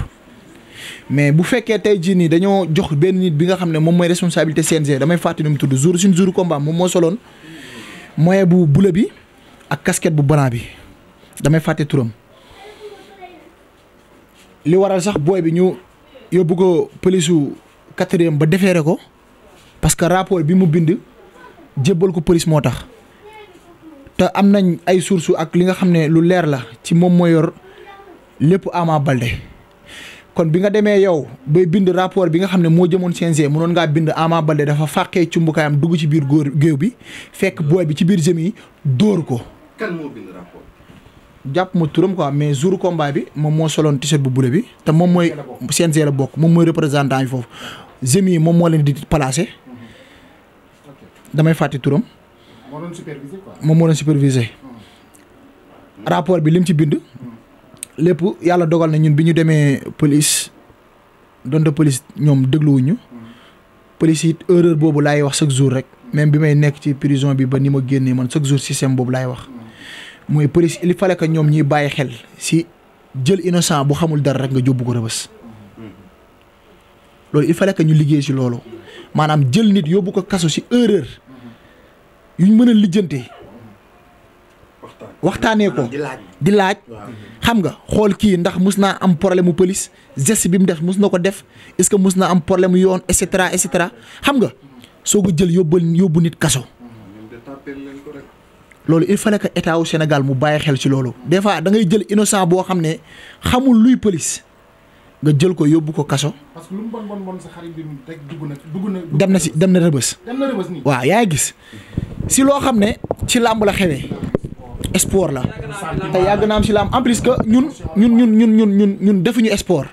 mais bu fekkee tey jii nii dañoo jox benn nit bi nga xam ne moom mooy responsabilité CNG damay fàttali mu tudd jour suñ jour combat moom moo soloon moyen bu bula bi ak kasket bu banaa bi damay fàtte turam. li waral sax booy bi ñu yóbbu ko polisu quatrième ba defeere ko parce que rapport bi mu bind jébbal ko police moo tax te am nañ ay sources ak li nga xam ne lu leer la ci moom moo yor lépp Ama Baldé kon bi nga demee yow bay bind rapport bi nga xam ne moo jëmoon CNG mënoon ngaa bind Ama Baldé dafa fàqee cumbukaayam dugg ci biir géew bi fekk booy bi ci biir jëm yi dóor ko. jàpp ma turam quoi mais jour combat bi moom moo soloon t-shirt bu bule bi te moom mooy CNG la bokk moom mooy représentant yi foofu jeunes yi moom moo leen di placé damay fàtte turam. moo moom moo doon supervisé. rapport bi lim ci bind. lépp yàlla dogal na ñun bi ñu demee police donte police ñoom dégluwuñu. police it erreur boobu laay wax chaque jour rek. même bi may nekk ci prison bi ba ni ma génnee man chaque jour système boobu laay wax. mooy police il fallait que ñoom ñuy bàyyi xel si jël innocent bu xamul dara rek nga jóbbu ko rëbës loolu il fallait que ñu liggéey si loolu maanaam jël nit yóbbu ko kaso si erreur yuñ mën a lijjante waxtaanee ko di laaj xam nga xool kii ndax mus naa am problème mu police geste bi mu def mus na ko def est-ce que mus naa am problème yoon et cetera et cetera xam nga soo ko jël yóbbal yóbbu nit kaso loolu il fallait que état wu Sénégal mu bàyyi xel ci loolu des fois da ngay jël innocent boo xam ne xamul luy police nga jël ko yóbbu ko kaso. parce que lu mu bon bon sa xarit bi rek dugg na dugg dem na si dem na rëbës. dem na rëbës nii waaw yaa gis si loo xam ne ci làmb la xewee. sport la te yàgg naa am si làmb en plus que ñun ñun ñun ñun ñun ñun ñun defuñu sport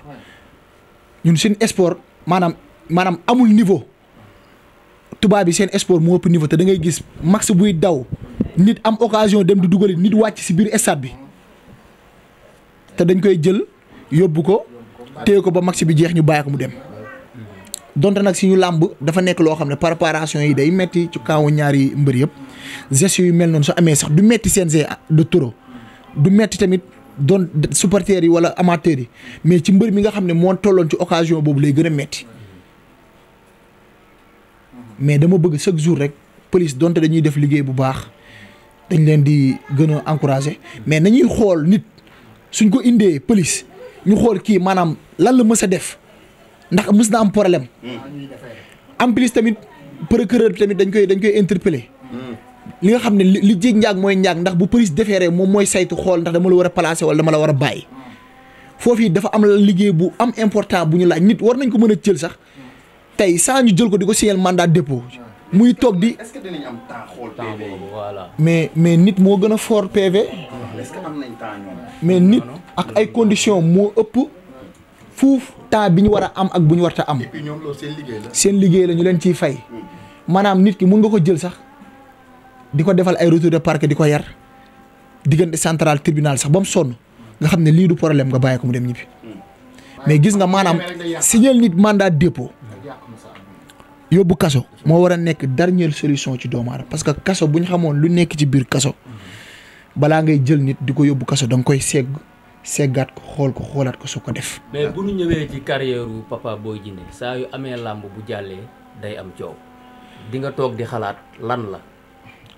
ñun suñu sport maanaam maanaam amul niveau. tubaab yi seen sport mu ëpp niveau te da ngay gis max buy daw nit am occasion dem di dugali nit wàcc si biir stade bi te dañ koy jël yóbbu ko téye ko ba max bi jeex ñu bàyyi ko mu dem donte nag suñu làmb dafa nekk loo xam ne préparation yi day metti ci kawu ñaari mbër yëpp gestes yu mel noonu su amee sax du metti CNG de trop du metti tamit doon supporters yi wala amateurs yi mais ci mbër mi nga xam ne moo tolloon ci occasion boobu lay gën a metti mais dama bëgg chaque jour rek police donte dañuy def liggéey bu baax dañ leen di gën a encourager mais nañuy xool nit suñ ko indee police ñu xool kii maanaam lan la mës a def ndax mës na am problème. am police tamit procureur bi tamit dañ koy dañ koy interpeller. li nga xam ne li jéeg njaag mooy njaag ndax bu defee rek moom mooy saytu xool ndax dama la war a placer wala dama la war a bàyyi. foofu dafa am liggéey bu am important bu ñu laaj nit war nañ ko mën a jël sax. tey saa ñu jël ko di ko signaler mandat dépôt. muy toog di est-ce que dinañ mais mais nit moo gën a fort PV. est mais nit ak ay conditions moo ëpp fuuf temps bi ñu war a am ak bu ñu warta am. ñoom loolu seen liggéey la. seen liggéey la leen ciy fay. manaam hmm. nit ki mun nga ko jël sax di ko defal ay retour de parquet di ko yar diggante central tribunal sax ba mu sonn nga xam ne lii du problème nga bàyyi ko mu dem ñibbi hmm. mais gis nga maanaam signal nit mandat dépôt. yóbbu kaso moo war a nekk dernière solution ci doomu aadama parce que kaso bu ñu xamoon lu nekk ci biir kaso balaa ngay jël nit di ko yóbbu kaso da koy segg seggaat ko xool ko xoolaat ko su ko def. mais bu ñu ñëwee ci carrière wu booy Boy Djiné saa yu amee làmb bu jàllee day am coow di nga toog di xalaat lan la.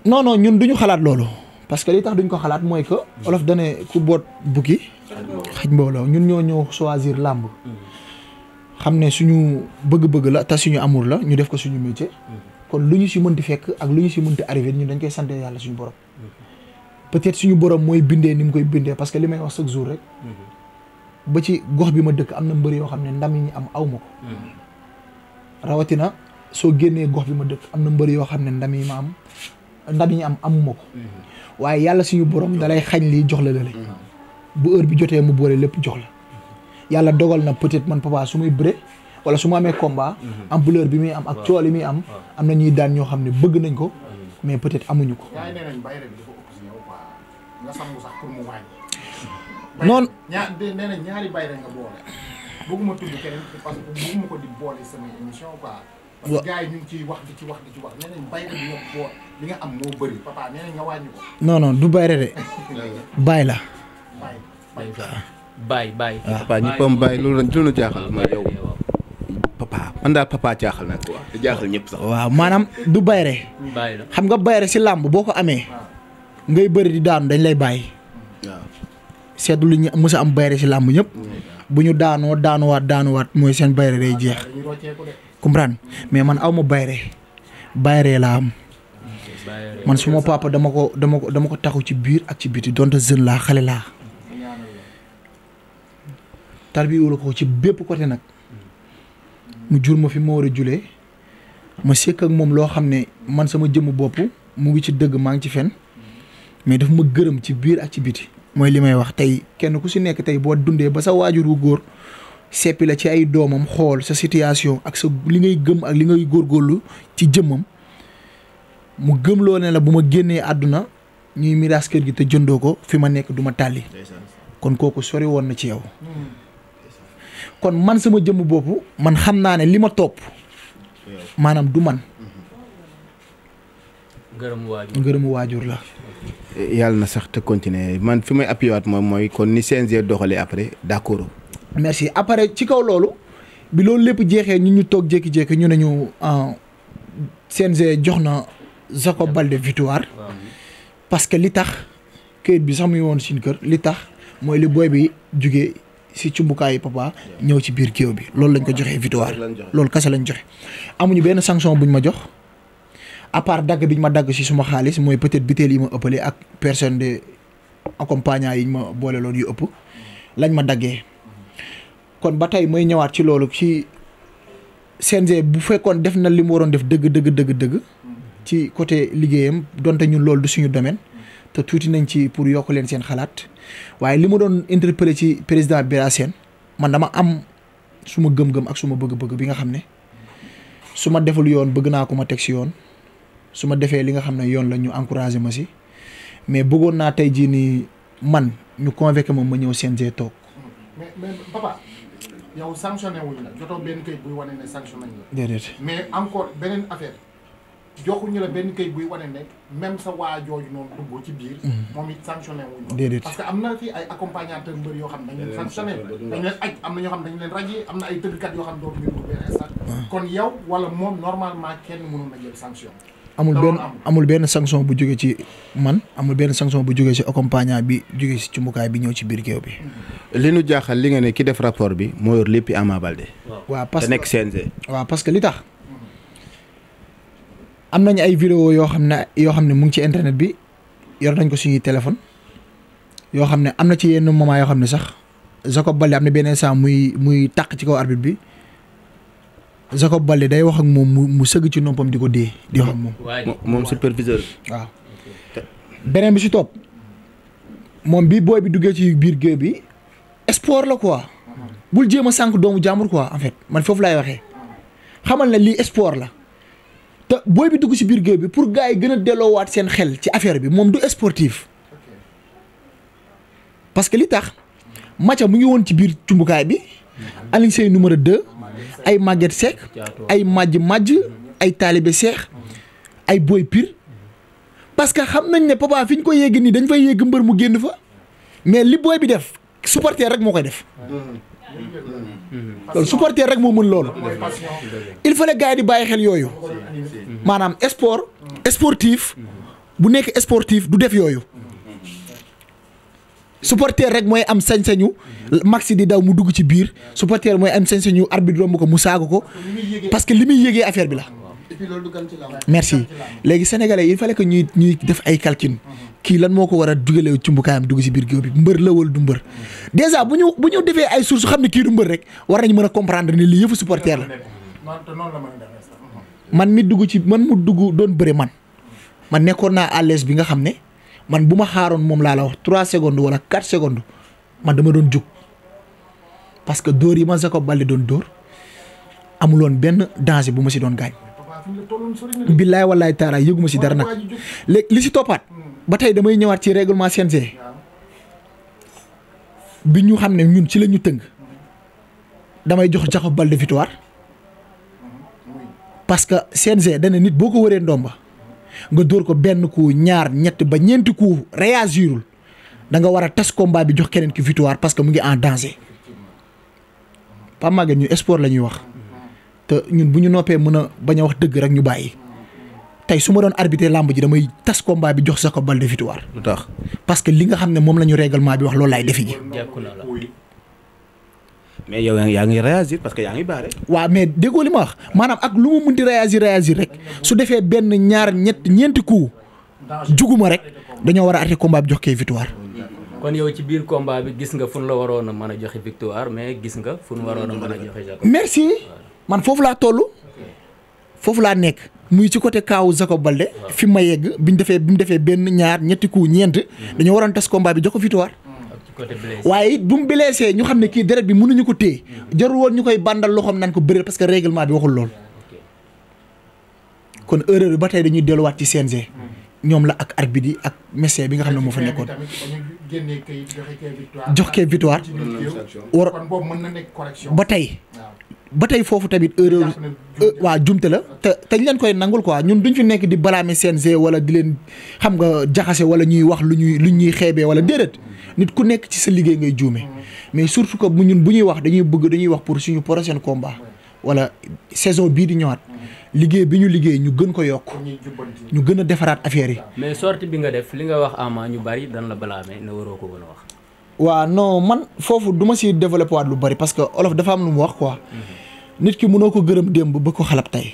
noonoon ñun duñu xalaat loolu parce que li tax duñ ko xalaat mooy que olof dane ku boot bukki xaj mbooloo ñun ñoo ñëw soisir làmb. Mm. xam ne suñu bëgg-bëgg la te suñu amul la ñu def ko suñu métier. Mm-hmm. kon lu ñu si mënti fekk ak lu ñu si mënti arrivé ñu dañ koy santee yàlla suñu borom. Mm-hmm. peut-être suñu borom mooy bindee ni mu koy bindee parce que li may wax chaque jour rek. Mm-hmm. ba ci gox bi ma dëkk am na mbër yoo xam ne ndam yi ñu am aw rawatina soo génnee gox bi ma dëkk am na mbër yoo xam ne ndam yi ma ñu am amuma ko. waaye yàlla suñu borom dalay xañ li jox la lale bu heure bi jotee mu boole lépp jox la. yàlla dogal na peut-être man papa su muy bëre wala su ma amee combat. Mhm. ampleur bi muy am ak cool li muy am. am na ñuy daan ñoo xam ne bëgg nañ ko. Mhm. mais peut-être amuñu ko. nga sangu sax pour mu wàññi. noonu ñaar ñaari bayre nga boole. bëgguma bëgguma ko boole sama émission quoi. parce que yi ñu ngi ciy wax di ci wax di ci wax nee nañ li nga am moo bëri papa du bayre de. bay la bay ah. la. bàyyi bàyyi. waaw papa ñëppam loolu la loolu jaaxal ma yow. papa man daal papa na ko. ñëpp sax. waaw maanaam du bayre xam nga bayre si làmb boo ko amee. ngay bari di daanu dañ lay bàyyi. waaw seetlu lu ñu mës am bayre si làmb ñëpp. Mm-hmm. bu ñu daanoo daanuwaat daanuwaat mooy seen bayre day jeex. Ah, comprendre mais man aw ma bayre bayre laa am. man suma papa dama ko dama ko dama ko taxu ci biir ak ci biti donte jeune laa xale laa. tarbiwul ko ci bépp côté nag mu jur ma fi ma war a julee ma sekk ak moom loo xam ne man sama jëmm bopp mu ngi ci dëgg maa ngi ci fen mais daf ma gërëm ci biir ak ci biti mooy li may wax tey kenn ku si nekk tey boo dundee ba sa waajur wu góor seppi la ci ay doomam xool sa situation ak sa li ngay gëm ak li ngay góor góorlu ci jëmmam mu gëm loo ne la bu ma génnee àdduna ñuy miraas kër gi te jëndoo ko fi ma nekk du ma tàlli kon kooku sori woon na ci yow hmm. kon man sama jëmm boobu man xam naa ne li ma topp maanaam du man. ngërëmu waajur ngërëmu waajur la. yàlla na sax te continuer man fi may appuyé moom mooy kon ni CNG doxalee après d' accord. merci après ci kaw loolu bi loolu lépp jeexee ñu ñu toog jékki-jékki ñu ne ñu ah, CNG jox na Jacob Baldé victoire. parce que li tax kayit bi sax muy woon suñu kër li tax mooy li booy bi jugee. si cumbukaayu papa ñëw ci biir géew bi loolu lañ ko joxee victoire loolu kese lañ joxe amuñu benn sanction buñ ma jox à part dagg biñ ma dagg si suma xaalis mooy peut-être biteel yi ma ëppale ak personne de accompagnant yi ma boole loon yu ëpp lañ ma daggee kon ba tey mooy ñëwaat ci loolu ci CNG bu fekkoon def na li mu waroon def dëgg dëgg dëgg dëgg ci côté liggéeyam donte ñu loolu du suñu domaine te tuuti nañ ci pour yokk leen seen xalaat waaye li ma doon interpellé ci président Bira Sène man dama am su ma gëm-gëm ak su ma bëgg-bëgg bi nga xam ne su ma deful yoon bëgg naa ko ma teg si yoon su ma defee li nga xam ne yoon la ñu encouragé ma si mais bëggoon naa tey jii nii man ñu convoqué ma ma ñëw seen CNG toog. yow sanctionné wuñ la jotoo benn kayit joxuñu la benn kayit buy wane ne même sa waa jooju noonu dugg ci biir. Mm. moom it sanctionné wuñu déedéet que am na ay accompagnateur mbër yoo xam dañu leen sanctionné dañu leen aj am na ñoo xam ne rajee am na ay tëggkat yoo xam dootu ñu benn ah. kon yow wala moom normalement kenn mënoon a jël sanction amul amul benn sanction bu jóge ci man amul benn sanction bu jóge ci accompagnant bi jóge ci cumbukaay bi ñëw ci biir géew bi. li nu jaaxal li nga ne ki def rapport bi moo yor léppi Ama Baldé. waaw parce que nekk li tax. am nañu ay vidéo yoo xam ne yoo xam ne mu ngi ci internet bi yor nañ ko suñuy téléphone yoo xam ne am na ci yenn moment yoo xam ne sax Jacob Baldé am na beneen saa muy muy tàq ci kaw arbitre bi Jacob Baldé day wax ak moom mu mu sëgg ci noppam di ko dee. di wax moom moom superviseur bi. waaw beneen bi si topp moom bi booy bi duggee ci biir géer bi sport la quoi. bul jéem a sànq doomu jàmbur quoi en fait man foofu laay waxee xamal na lii sport la. te booy bi dugg si biir géew bi pour gars yi gën a delloowaat seen xel ci affaire bi moom du sportif parce que li tax Macha mu ngi woon ci biir cumbukaay bi Alioune Seye numéro ay Maguette Seck ay Madj Madj ay Talibé Seck ay booy Pire parce que xam nañ ne papa fi ñu ko yéeg nii dañ fay yéeg mbër mu génn fa mais li booy bi def supporter rek moo koy def. Mm-hmm. loolu supporter rek moo mën loolu. il fallait gars yi di bàyyi xel yooyu. maanaam sport sportif bu nekk sportif du def yooyu. supporter rek mooy am sañ-sañu maxi di daw mu dugg ci biir supporter mooy am sañ-sañu arbitre romb ko mu saago ko parce que li muy yëgee affaire bi la. merci léegi sénégalais il fallait que ñuy def ay calcul kii lan moo ko war a dugalee cumbukaayam dugg si biir géew bi mbër la wala du mbër dèjà bu ñu bu ñu defee ay sources xam ne kii du mbër rek war nañu mën a comprendre ni lii yëfu supporter la man mi dugg ci man mu dugg doon bëri man man nekkoon naa à bi nga xam ne man bu ma xaaroon moom laa la wax trois secondes wala quatre secondes man dama doon jug parce que dóor yi ma Jacob Baldé doon dóor amuloon benn danger bu ma si doon gaañ billaay wallaay taala yëguma si dara nag léegi li si toppaat ba tey damay ñëwaat ci règlement CNG bi ñu xam ne ñun ci lañu ñu tëng damay jox jaxu Baldé victoire parce que CNG dana nit boo ko wëree ndomba nga dóor ko benn ku ñaar ñett ba ñeenti ku réagirul da nga war a tas combat bi jox keneen ki victoire parce que mu ngi en danger. Pape Maguette ñu sport la ñuy wax. te ñun bu ñu noppee mën a bañ wax dëgg rek ñu bàyyi tey su doon arbitrer làmb ji damay tas combat bi jox Jacob Baldé victoire. lu tax parce que li nga xam ne moom la ñu règlement bi wax loolu laay defi ji. mais yow yaa ngi réagir parce que yaa ngi baare. waaw mais déggoo li ma wax ak lu mu munti réagir rek su defee benn ñaar ñett ñeenti coup juguma rek dañoo war a arrêté combat bi jox kay victoire. kon yow ci biir combat bi gis nga fu la waroon a mën a joxe victoire mais gis nga fu nu waroon a mën a joxe. merci. man foofu laa toll foofu laa nekk muy ci côté kaawu Jacob Balde fi ma yegg bi ñu defee bi mu defee benn ñaar ñetti ku ñeent mm-hmm. dañoo waroon tas combat bi jox ko victoire mm-hmm. waaye it bu mu blessé ñu xam ne kii deret bi mënuñu ko téye mm-hmm. jarul woon ñu koy bandal loxoom naan ko bëri parce que règlement bi waxul lool kon erreur bi ba tey dañuy delluwaat ci CNG ñoom la ak bi di ak messin bi nga xam ne moo fa nekkoon jox kee victoire war ba tey ba tey foofu tamit erreur waa jumte la te te leen koy nangul quoi ñun duñ fi nekk di balaame CNG wala di leen xam nga jaxase wala ñuy wax lu ñuy lu ñuy xeebee wala déedéet nit ku nekk ci sa liggéey ngay juume mais surtout que bu ñun bu ñuy wax dañuy bëgg dañuy wax pour suñu prochain combat wala saison bii di ñëwaat liggéey bi ñu liggéey ñu gën ko yokk ñu gën a defaraat affaire yi. mais sortie bi nga def li nga wax ama ñu bari dan la balaame ne waroo ko gën wax. waaw non man foofu du ma si développé lu bari parce que olof dafa am lu mu wax quoi. Mhm. nit ki mënoo ko gërëm démb ba ko xalab tey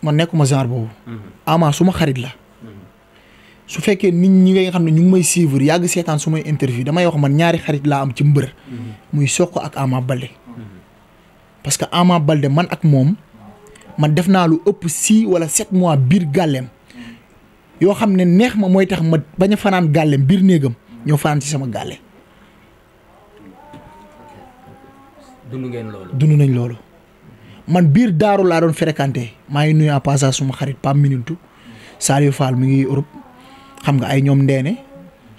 man nekkuma genre boobu. Mhm. ama suma xarit la. Mhm. su fekkee nit ñi nga xam ne ñu ngi may suivre yàgg seetaan sumay may interview damay wax man ñaari xarit laa am ci mbër. Mhm. muy Sokh ak Ama Baldé. parce que Ama Baldé man ak moom ma def naa lu ëpp six wala sept mois biir gàlleem yoo xam ne neex ma mooy tax ma bañ a fanaan gàlleem biir néegam ñoo fanaan ci sama gàlle. dund ngeen loolu. nañ loolu. man biir daaru laa doon fréquenté maa ngi nuyu en passant suma xarit Pam Minintou Saliou Fall mi ngi Europe xam nga ay ñoom ndeene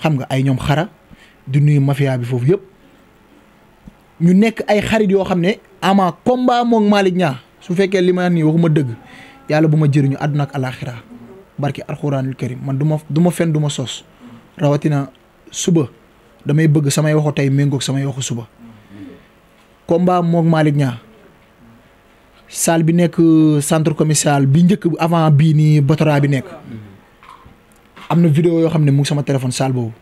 xam nga ay ñoom xara di nuyu mafia bi foofu yëpp ñu nekk ay xarit yoo xam ne ama combat moom Malick Niang su fekkee li ma nii waxuma dëgg yàlla bu ma jëriñu àdduna ak alaxira barki alxuraanul karim man du ma du ma fen du ma sos rawatina suba damay bëgg samay waxu tey méngoog samay waxu suba combat moom Malick salle bi nekk euh, centre commercial bi njëkk avant bii nii Botora bi nekk am na vidéo yoo xam ne mu sama téléphone salle boobu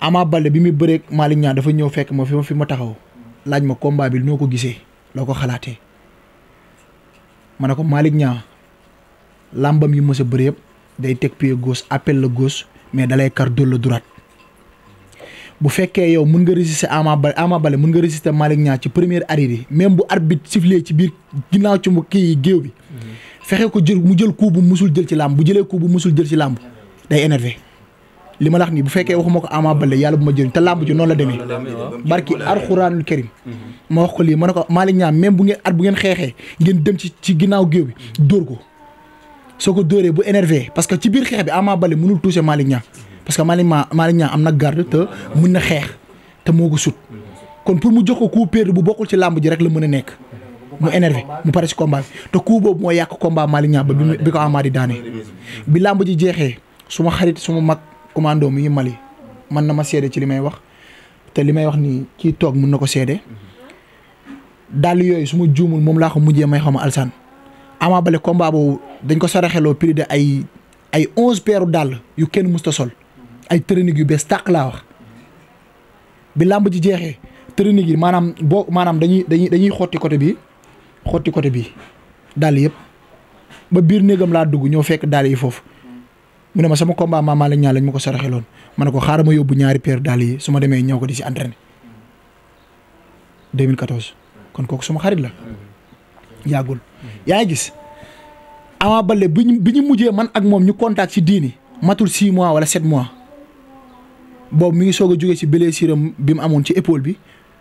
Ama Baldé bi muy bëreeg Malick Niang dafa ñëw fekk ma fi ma fi ma taxaw laaj ma combat bi noo ko gisee loo ko xalaatee ma ne ko Malick Niang làmbam yi mës a bëre yëpp day teg pied gauche appel la gauche mais dalay kar dóor la droite bu fekkee yow mun nga résister Ama Baldé Ama Baldé mun nga résister Malick Niang ci première arrivée même bu arbitre sifflé ci biir ginnaaw ci mu kii géew bi fexe ko jël mu jël coup bu mësul jël ci làmb bu jëlee coup bu mësul jël ci làmb day énervé li ma lax nii bu fekkee waxuma ko Ama Baldé yàlla bu ma jëriñ te làmb ji noonu la demee barki alxuraanul karim ma wax ko lii ma ne ko Malick ñaam même bu ngeen at bu ngeen xeexee ngeen dem ci ci ginnaaw géew bi dóor ko soo ko bu énervé parce que ci biir xeex bi Ama Baldé mënul toucher Malick Niang parce que Malick Ma Malick am na garde te mën na xeex te moo ko sut kon pour mu jox ko coup bu bokkul ci làmb ji rek la mën a nekk mu énervé mu pare si combat bi te coup boobu moo yàq combat Malick Niang ba bi ko Amady daane bi làmb ji jeexee suma xarit suma mag commando mi ngi Mali man na ma seede ci li may wax te li may wax nii kii toog mën na ko seede dàll yooyu su ma juumul moom laa xam mujjee may xam ma alsan Ama Baldé combat dañ ko saraxeloo prix de ay ay onze dàll yu kenn musta sol ay technique yu bees tàq laa wax bi làmb ji jeexee technique yi maanaam boo maanaam dañuy dañuy dañuy xotti côté bi xotti côté bi dàll yëpp ba biir néegam laa dugg ñëw fekk dàll yi foofu mu ne ma sama combat maama la ñaan lañ ma ko saraxe loon ma ne ko xaaral ma yóbbu ñaari per dàll yi su ma demee ñëw ko di si entraîné 2014 kon kooku suma xarit la yàggul yaa ngi gis Ama Baldé bi ñu bi ñu mujjee man ak moom ñu contact ci diini matul 6 mois wala set mois boobu mi ngi soog a jógee ci blessure am bi mu amoon ci épaule bi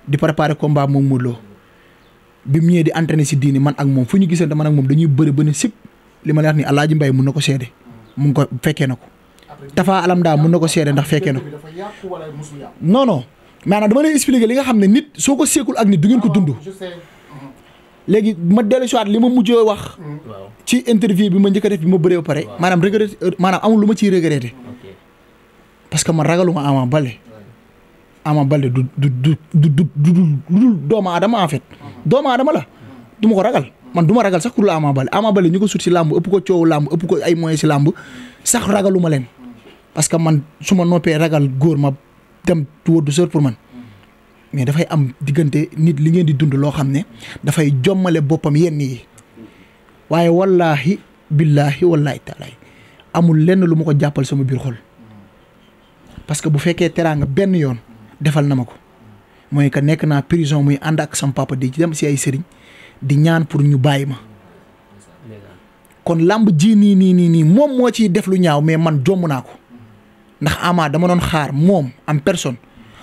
di préparer combat moom Modou Lo bi mu ñëwee di entraîner ci diini man ak moom fu ñu gisante man ak moom dañuy bëri ba ne sip li ma la wax ni Alaaji Mbay mun na ko seede mu ngi ko fekkee na ko Tafa alam daa mun na ko seede ndax fekkee na ko non non maanaam dama lay expliquer li nga xam ne nit soo ko seekul ak nit du ngeen ko dund léegi ma dellu si li ma mujjee wax ci interview bi ma njëkk a def bi ma bëree ba pare maanaam regret maanaam amul lu ma ciy regretté parce que man ragaluma Ama Baldé Ama Baldé du du du du du du doomu aadama en fait doomu aadama la du ma ko ragal man du ma ragal sax ku dul Ama Baldé Ama Baldé ñu ko sut si làmb ëpp ko coow làmb ëpp ko ay moyens si làmb sax ragaluma leen parce que man su ma noppee ragal góor ma dem wóor seur pour man mais dafay am diggante nit li ngeen di dund loo xam ne dafay jommale boppam yenn yi waaye wallaahi billaahi wallaahi taalaay amul lenn lu ma ko jàppal sama biir xol. parce que bu fekkee teraanga benn yoon defal na ma ko mooy que nekk naa prison muy ànd ak sam papa di dem si ay sëriñ di ñaan pour ñu bàyyi ma. kon làmb ji nii nii nii nii moom moo ciy def lu ñaaw mais man jomm naa ko ndax Ama dama doon xaar moom am personne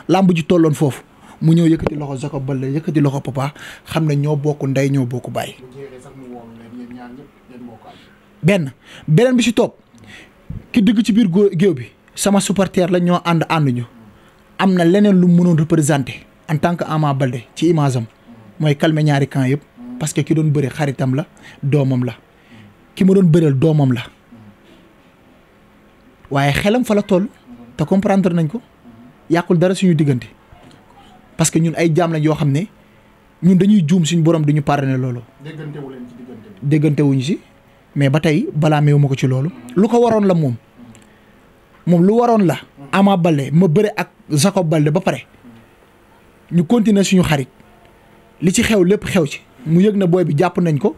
làmb ji tolloon foofu mu ñëw yëkkati loxo Jacob Baldé yëkkati loxo Papa xam ne ñoo bokk ndey ñoo bokk bàyyi. benn beneen bi si toog ki dugg ci biir géew bi sama supporter la ñoo ànd ànd ñu am na leneen lu mu mënoon représenté en tant que Ama Baldé ci image am mooy calmer ñaari camp yëpp parce que ki doon bëri xaritam la doomam la ki ma doon bëreel doomam la waaye xelam fa la toll te comprendre nañ ko yàqul dara suñu diggante parce que ñun ay jaam lañ yoo xam ne ñun dañuy juum suñu borom duñu ñu loolu. déggante loolu leen ci si mais ba tey balaa meewu ma ko ci loolu. lu ko waroon la moom. moom lu waroon la. Ama Baldé ma bëre ak Jacob Baldé ba pare ñu continuer suñu xarit li ci xew lépp xew ci mu yëg na booy bi jàpp nañ ko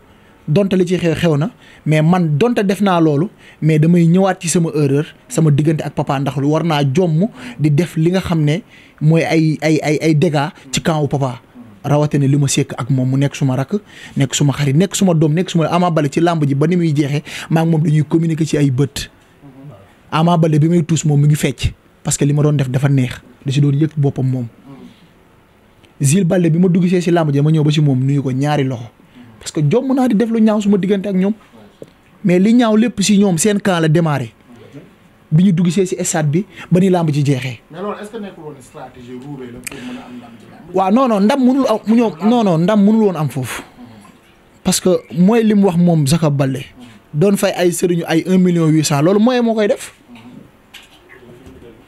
donte li ci xew xew na mais man donte def naa loolu mais damay ñëwaat ci sama erreur sama diggante ak papa ndax lu war naa jomm di def li nga xam ne mooy ay ay ay ay dégâts ci camp papa. rawatina li ma sekk ak moom mu nekk suma rakk nekk suma xarit nekk suma doom nekk suma Ama Baldé ci làmb ji ba ni muy jeexee maa ngi moom dañuy communiquer ci ay bët. Ama Baldé bi may tuus moom mi ngi fecc parce que li ma doon def dafa neex da si doon yëg boppam moom. Zil Baldé bi ma dugg see si làmb ja ma ñëw ba si moom nuyu ko ñaari loxo parce que jomm naa di def lu ñaaw suma diggante ak ñoom mais li ñaaw lépp si ñoom seen camp la démarré bi ñu dugg see si stade bi ba ni làmb ci jeexee. mais loolu est-ce am ndam waaw non non ndam mënul am ñoom non ndam mënul woon am foofu parce que mooy li mu wax moom Zaka Baldé doon fay ay sëriñu ay un million huit cent loolu moyen moo koy def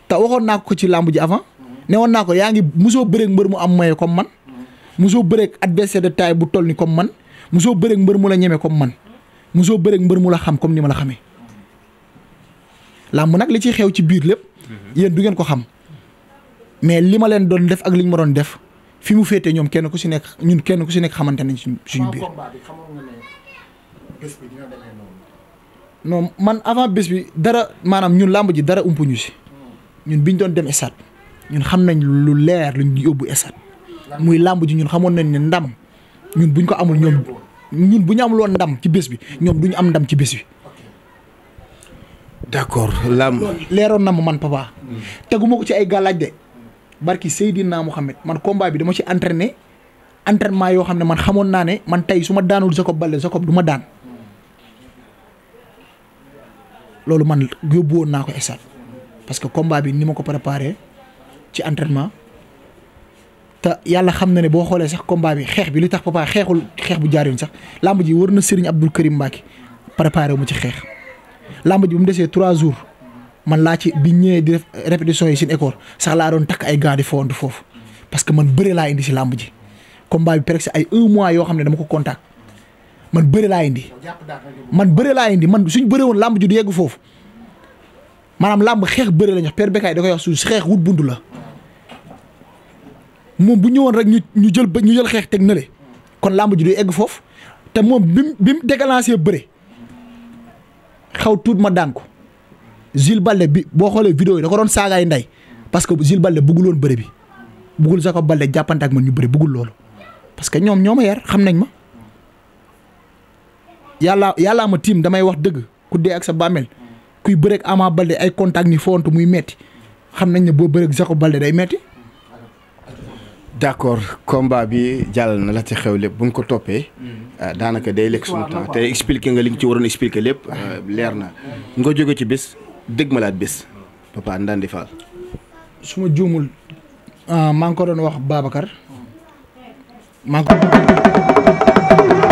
te waxoon naa ko ci làmb ji avant ne woon naa ko yaa ngi musoo bëreeg mbër mu am moyen comme man musoo bëreeg adversaire de taay bu toll ni comme man musoo bëreeg mbër mu la ñeme comme man musoo bëreeg mbër mu la xam comme ni ma la xame làmb nag li ci xew ci biir lépp yéen du ngeen ko xam mais li ma leen doon def ak li ñu ma doon def fi mu féete ñoom kenn ku si nekk ñun kenn ku si nekk xamante nañ suñu biir. non man avant bés bi dara maanaam ñun làmb ji dara umpuñu si ñun biñ doon dem stade ñun xam nañ lu leer luñ yóbbu stade muy làmb ji ñun xamoon nañ ne ndam ñun buñ ko amul ñoom ñun bu ñu amul woon ndam ci bés bi ñoom duñu am ndam ci bés bi. d'accord làmb leeroon na mu man papa. teguma ko ci ay gàllaaj de barki Seydina Mohamed man combat bi dama ci entraîné entraînement yoo xam ne man xamoon naa ne man tey su ma daanul Jacob Baldé Jacob du ma daan. loolu man yóbbu woon naa ko stade parce que combat bi ni ma ko préparé ci entraînement te yàlla xam na ne boo xoolee sax combat bi xeex bi li tax papa xeexul xeex bu jaar yoon sax làmb ji wër na Serigne Abdou Karim Mbacké préparé wu ma ci xeex. làmb ji bu mu desee trois jours man laa ci bi ñëwee di def répétition yi sin école sax laa doon takk ay gants di foontu foofu parce que man bëri laa indi si làmb ji combat bi presque ay un mois yoo xam ne dama ko contact. man bëre laa indi man bëre laa indi man suñ bëre woon làmb ju du yegg foofu maanaam làmb xeex bëre la ñu wax Père da koy wax su si xeex wut buntu la moom bu ñëwoon rek ñu ñu jël ñu jël xeex teg nële kon làmb ju du egg foofu te moom bi mu bi mu déclenché bëre xaw tuut ma daan ko Jules Balde bi boo xoolee vidéo yi da ko doon saagaay ndey parce que Jules Balde bëggul woon bëre bi bëggul Jacob Balde jàppante ak man ñu bëre bëggul loolu parce que ñoom ñoo ma yar xam nañ ma. yàlla yàllaa ma tiim damay wax dëgg ku dee ak sa bàmmeel kuy bëreeg Ama Balde ay contact ni font muy metti xam nañ ne boo bëreeg Jacob Balde day metti d'accord combat bi jàll na la ci xew lépp bu ñu ko toppee mm-hmm. euh, daanaka day lekk suñu te expliqué nga li nga ci waroon expliqué lépp euh, leer na mm-hmm. nga jóge ci bés dëgg malaat bés Papa Ndandi juumul euh, maa ngi ko doon wax Babacar maa ngi ko